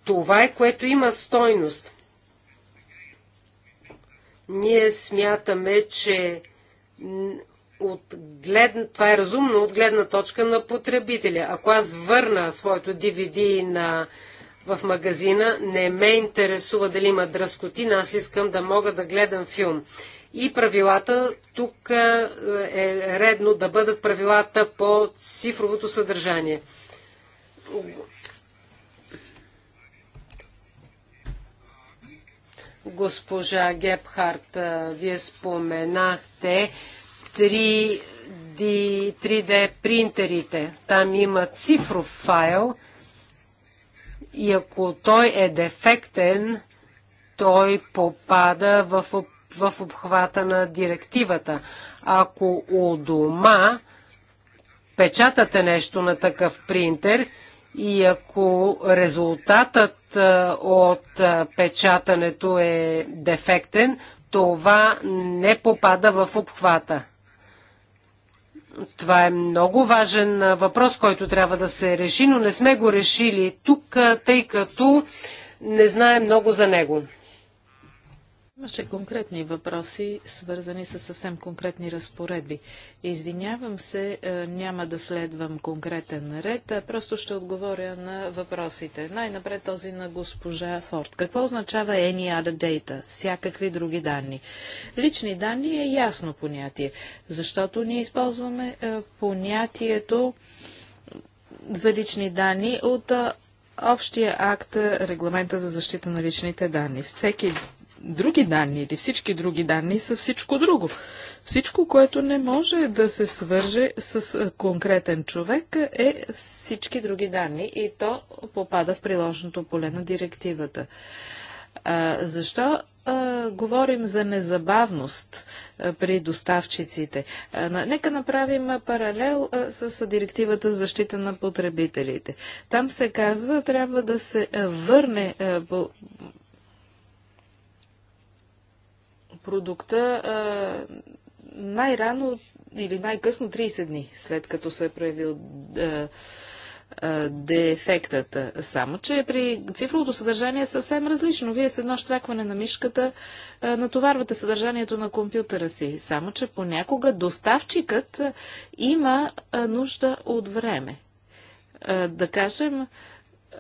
това е което има стойност. Ние смятаме, че от глед... това е разумно от гледна точка на потребителя. Ако аз върна своето DVD на в магазина. Не ме интересува дали има дръскотина, аз искам да мога да гледам филм. И правилата, тук е, е редно да бъдат правилата по цифровото съдържание. Госпожа Гепхарт, е, вие споменахте 3D, 3D принтерите. Там има цифров файл – и ако той е дефектен, той попада в, в обхвата на директивата. Ако у дома печатате нещо на такъв принтер и ако резултатът от печатането е дефектен, това не попада в обхвата. Това е много важен въпрос, който трябва да се реши, но не сме го решили тук, тъй като не знаем много за него. Имаше конкретни въпроси, свързани с съвсем конкретни разпоредби. Извинявам се, е, няма да следвам конкретен ред, а просто ще отговоря на въпросите. Най-напред този на госпожа Форд. Какво означава any other data? Всякакви други данни. Лични данни е ясно понятие, защото ние използваме е, понятието за лични данни от е, общия акт, регламента за защита на личните данни. Всеки други данни или всички други данни са всичко друго. Всичко, което не може да се свърже с конкретен човек е всички други данни и то попада в приложното поле на директивата. А, защо а, говорим за незабавност а, при доставчиците? А, на, нека направим а, паралел а, с а, директивата за защита на потребителите. Там се казва, трябва да се а, върне а, по, продукта най-рано или най-късно 30 дни, след като се е проявил дефектът. Само, че при цифровото съдържание е съвсем различно. Вие с едно штракване на мишката а, натоварвате съдържанието на компютъра си. Само, че понякога доставчикът има а, нужда от време. А, да кажем,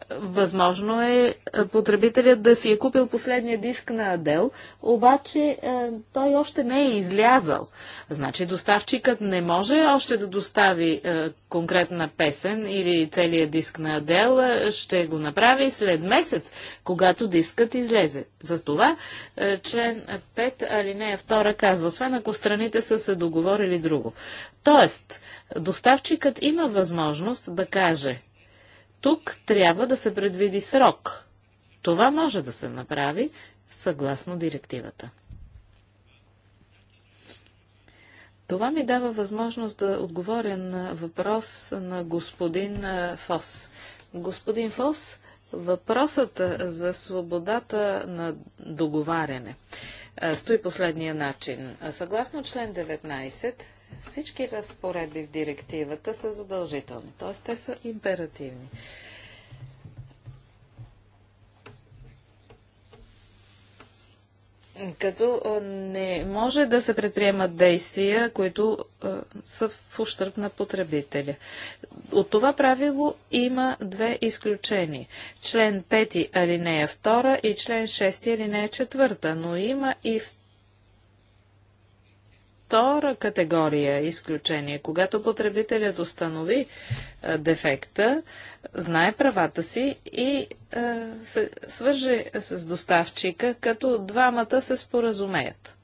Възможно е, е потребителят да си е купил последния диск на Адел, обаче е, той още не е излязал. Значи доставчикът не може още да достави е, конкретна песен или целия диск на Адел, ще го направи след месец, когато дискът излезе. Затова това член 5 алинея 2 казва, освен ако страните са се договорили друго. Тоест, доставчикът има възможност да каже – тук трябва да се предвиди срок. Това може да се направи съгласно директивата. Това ми дава възможност да отговоря на въпрос на господин Фос. Господин Фос, въпросът за свободата на договаряне стои последния начин. Съгласно член 19, всички разпоредби в директивата са задължителни, т.е. те са императивни. Като не може да се предприемат действия, които е, са в ущърп на потребителя. От това правило има две изключения. Член 5 алинея 2 и член 6 алинея 4, но има и втори втора категория изключение. Когато потребителят установи а, е, дефекта, знае правата си и а, е, се свърже с доставчика, като двамата се споразумеят.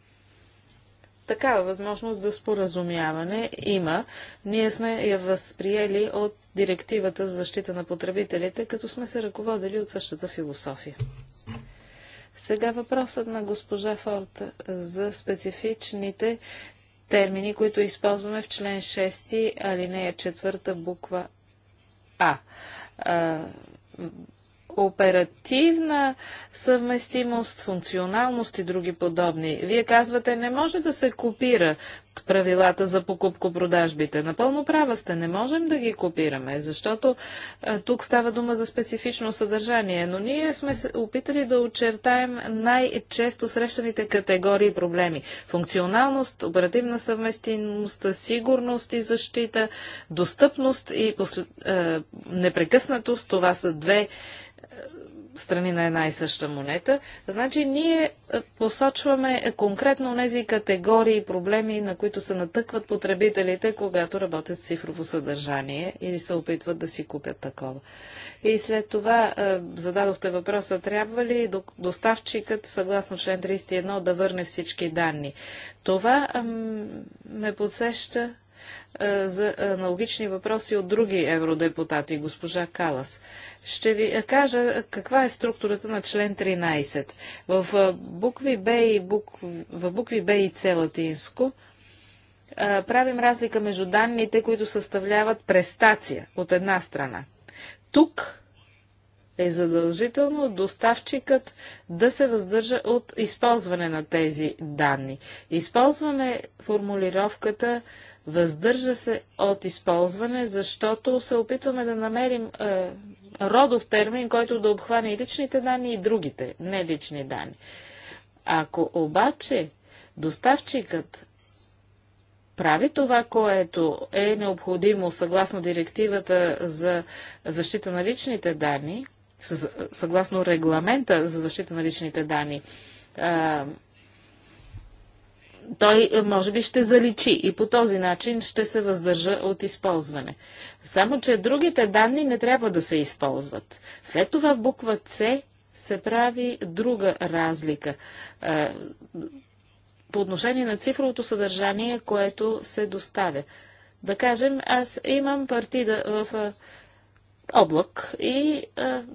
Такава възможност за споразумяване има. Ние сме я възприели от директивата за защита на потребителите, като сме се ръководили от същата философия. Сега въпросът на госпожа Форд за специфичните термини, които използваме в член 6, алинея 4, буква А оперативна съвместимост, функционалност и други подобни. Вие казвате, не може да се копира правилата за покупко-продажбите. Напълно права сте, не можем да ги копираме, защото а, тук става дума за специфично съдържание, но ние сме се опитали да очертаем най-често срещаните категории проблеми. Функционалност, оперативна съвместимост, сигурност и защита, достъпност и посл... а, непрекъснатост, това са две страни на една и съща монета. Значи ние е, посочваме конкретно тези категории и проблеми, на които се натъкват потребителите, когато работят с цифрово съдържание или се опитват да си купят такова. И след това е, зададохте въпроса, трябва ли доставчикът, съгласно член 31, да върне всички данни. Това ме подсеща е, за аналогични въпроси от други евродепутати, госпожа Калас. Ще ви е, кажа е, каква е структурата на член 13. В букви Б и, букв... в букви Б и С латинско правим разлика между данните, които съставляват престация от една страна. Тук е задължително доставчикът да се въздържа от използване на тези данни. Използваме формулировката Въздържа се от използване, защото се опитваме да намерим е, родов термин, който да обхване и личните данни, и другите нелични данни. Ако обаче доставчикът прави това, което е необходимо съгласно директивата за защита на личните данни, съгласно регламента за защита на личните данни, е, той е, може би ще заличи и по този начин ще се въздържа от използване. Само, че другите данни не трябва да се използват. След това в буква С се прави друга разлика е, по отношение на цифровото съдържание, което се доставя. Да кажем, аз имам партида в е, облак и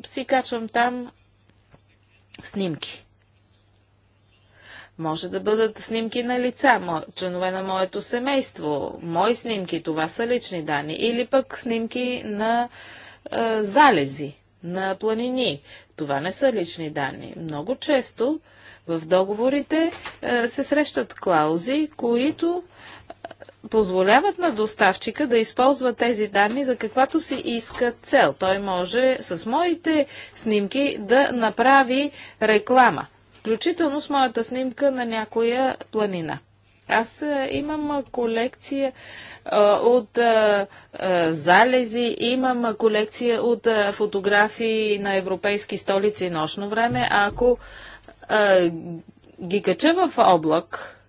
си качвам там снимки. Може да бъдат снимки на лица, членове на моето семейство, мои снимки, това са лични данни, или пък снимки на е, залези, на планини. Това не са лични данни. Много често в договорите е, се срещат клаузи, които позволяват на доставчика да използва тези данни за каквато си иска цел. Той може с моите снимки да направи реклама включително с моята снимка на някоя планина. Аз е, имам е, колекция а, е, от а, залези, имам колекция от а, фотографии на европейски столици нощно време. Ако ги кача в облак,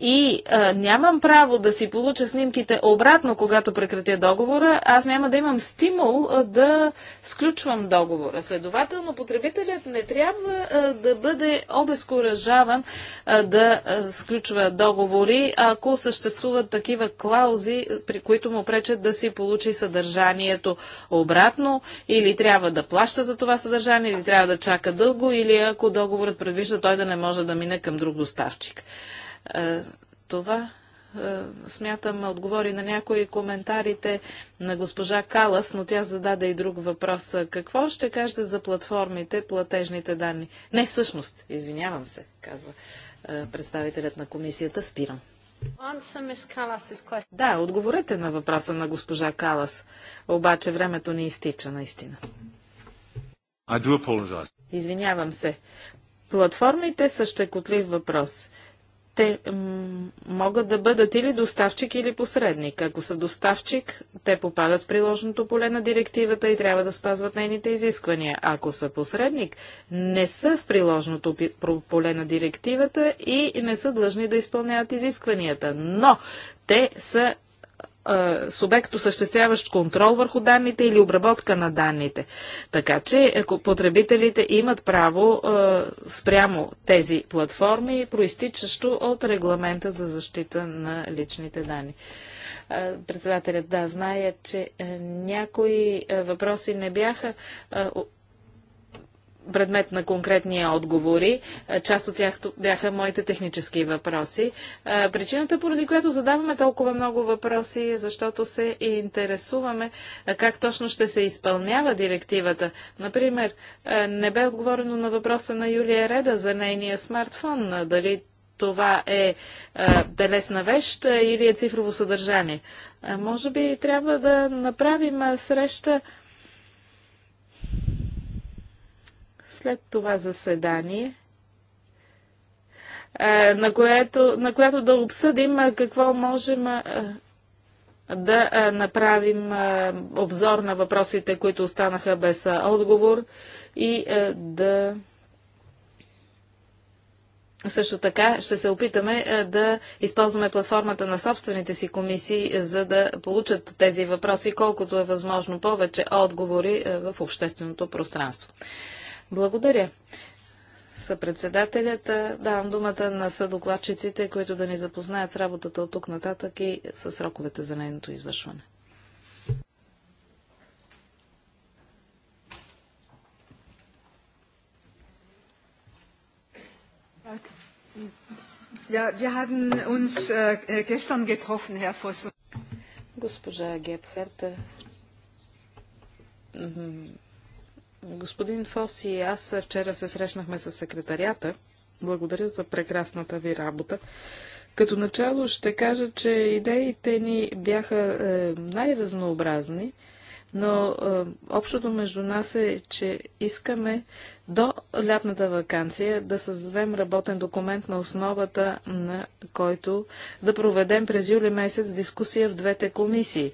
и а, нямам право да си получа снимките обратно, когато прекратя договора, аз няма да имам стимул а, да сключвам договора. Следователно, потребителят не трябва а, да бъде обезкуражаван а, да а, сключва договори, ако съществуват такива клаузи, при които му пречат да си получи съдържанието обратно, или трябва да плаща за това съдържание, или трябва да чака дълго, или ако договорът предвижда той да не може да мине към друг доставчик. Е, това е, смятам, отговори на някои коментарите на госпожа Калас, но тя зададе и друг въпрос. Е, какво ще кажете за платформите, платежните данни? Не, всъщност, извинявам се, казва представителят на комисията. Спирам. Да, отговорете на въпроса на госпожа Калас, обаче времето ни изтича наистина. Извинявам се. Платформите са щекотлив въпрос те могат да бъдат или доставчик, или посредник. Ако са доставчик, те попадат в приложното поле на директивата и трябва да спазват нейните изисквания. Ако са посредник, не са в приложното поле на директивата и не са длъжни да изпълняват изискванията. Но те са субект, осъществяващ контрол върху данните или обработка на данните. Така че е, потребителите имат право спрямо тези платформи, проистичащо от регламента за защита на личните данни. Председателят, да, зная, че е, някои е, въпроси не бяха предмет на конкретни отговори. Част от тях бяха моите технически въпроси. Причината, поради която задаваме толкова много въпроси, е защото се интересуваме как точно ще се изпълнява директивата. Например, не бе отговорено на въпроса на Юлия Реда за нейния смартфон. Дали това е телесна вещ или е цифрово съдържание. Може би трябва да направим среща след това заседание, на която, на което да обсъдим какво можем да направим обзор на въпросите, които останаха без отговор и да също така ще се опитаме да използваме платформата на собствените си комисии, за да получат тези въпроси колкото е възможно повече отговори в общественото пространство. Благодаря. Съпредседателят, давам думата на съдокладчиците, които да ни запознаят с работата от тук нататък и с сроковете за нейното извършване. Äh, Госпожа Гебхарт, Господин Фоси, и аз вчера се срещнахме с секретарията. Благодаря за прекрасната ви работа. Като начало ще кажа, че идеите ни бяха е, най-разнообразни но е, общото между нас е, че искаме до лятната вакансия да създадем работен документ на основата на който да проведем през юли месец дискусия в двете комисии,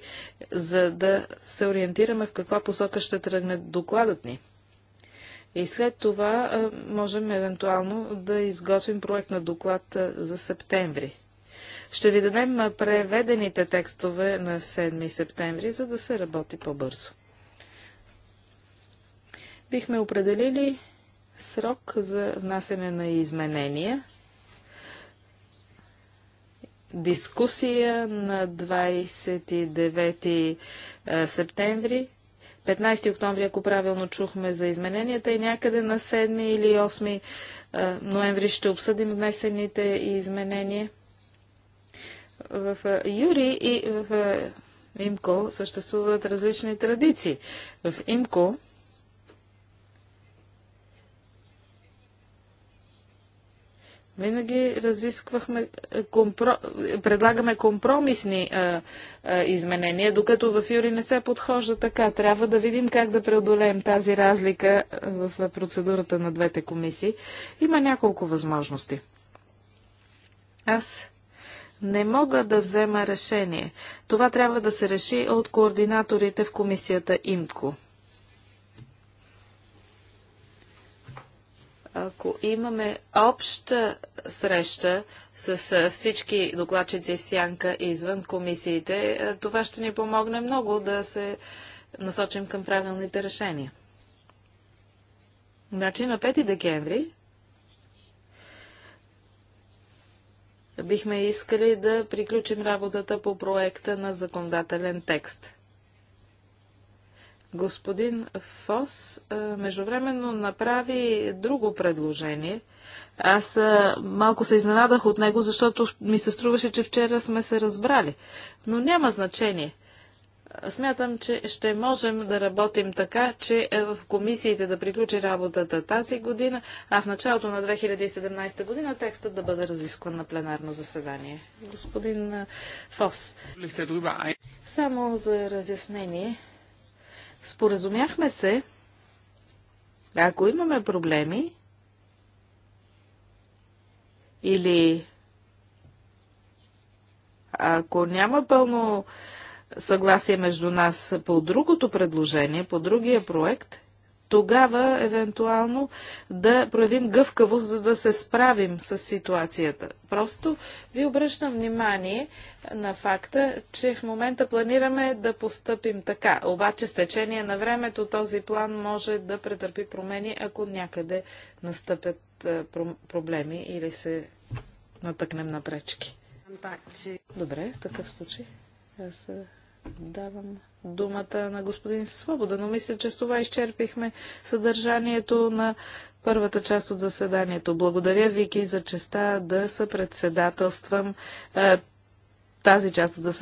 за да се ориентираме в каква посока ще тръгне докладът ни. И след това е, можем евентуално да изготвим проект на доклад е, за септември. Ще ви дадем преведените текстове на 7 септември, за да се работи по-бързо. Бихме определили срок за внасене на изменения. Дискусия на 29 септември 15 октомври, ако правилно чухме за измененията, и някъде на 7 или 8 ноември ще обсъдим внесените изменения. В Юри и в ИМКО съществуват различни традиции. В ИМКО Винаги разисквахме, компро... предлагаме компромисни а, а, изменения, докато в Юри не се подхожда така. Трябва да видим как да преодолеем тази разлика в процедурата на двете комисии. Има няколко възможности. Аз не мога да взема решение. Това трябва да се реши от координаторите в комисията ИМКО. Ако имаме обща среща с всички докладчици в сянка извън комисиите, е, това ще ни помогне много да се насочим към правилните решения. Значи на 5 декември бихме искали да приключим работата по проекта на законодателен текст. Господин Фос междувременно направи друго предложение. Аз малко се изненадах от него, защото ми се струваше, че вчера сме се разбрали. Но няма значение. Смятам, че ще можем да работим така, че е, в комисиите да приключи работата тази година, а в началото на 2017 година текстът да бъде разискван на пленарно заседание. Господин е, Фос, само за разяснение, споразумяхме се, ако имаме проблеми или ако няма пълно съгласие между нас по другото предложение, по другия проект, тогава евентуално да проявим гъвкавост, за да се справим с ситуацията. Просто ви обръщам внимание на факта, че в момента планираме да постъпим така. Обаче с течение на времето този план може да претърпи промени, ако някъде настъпят е, проблеми или се натъкнем на пречки. Добре, в такъв случай. Аз е, Давам думата на господин Свобода, но мисля, че с това изчерпихме съдържанието на първата част от заседанието. Благодаря, Вики, за честа да съпредседателствам е, тази част от заседанието.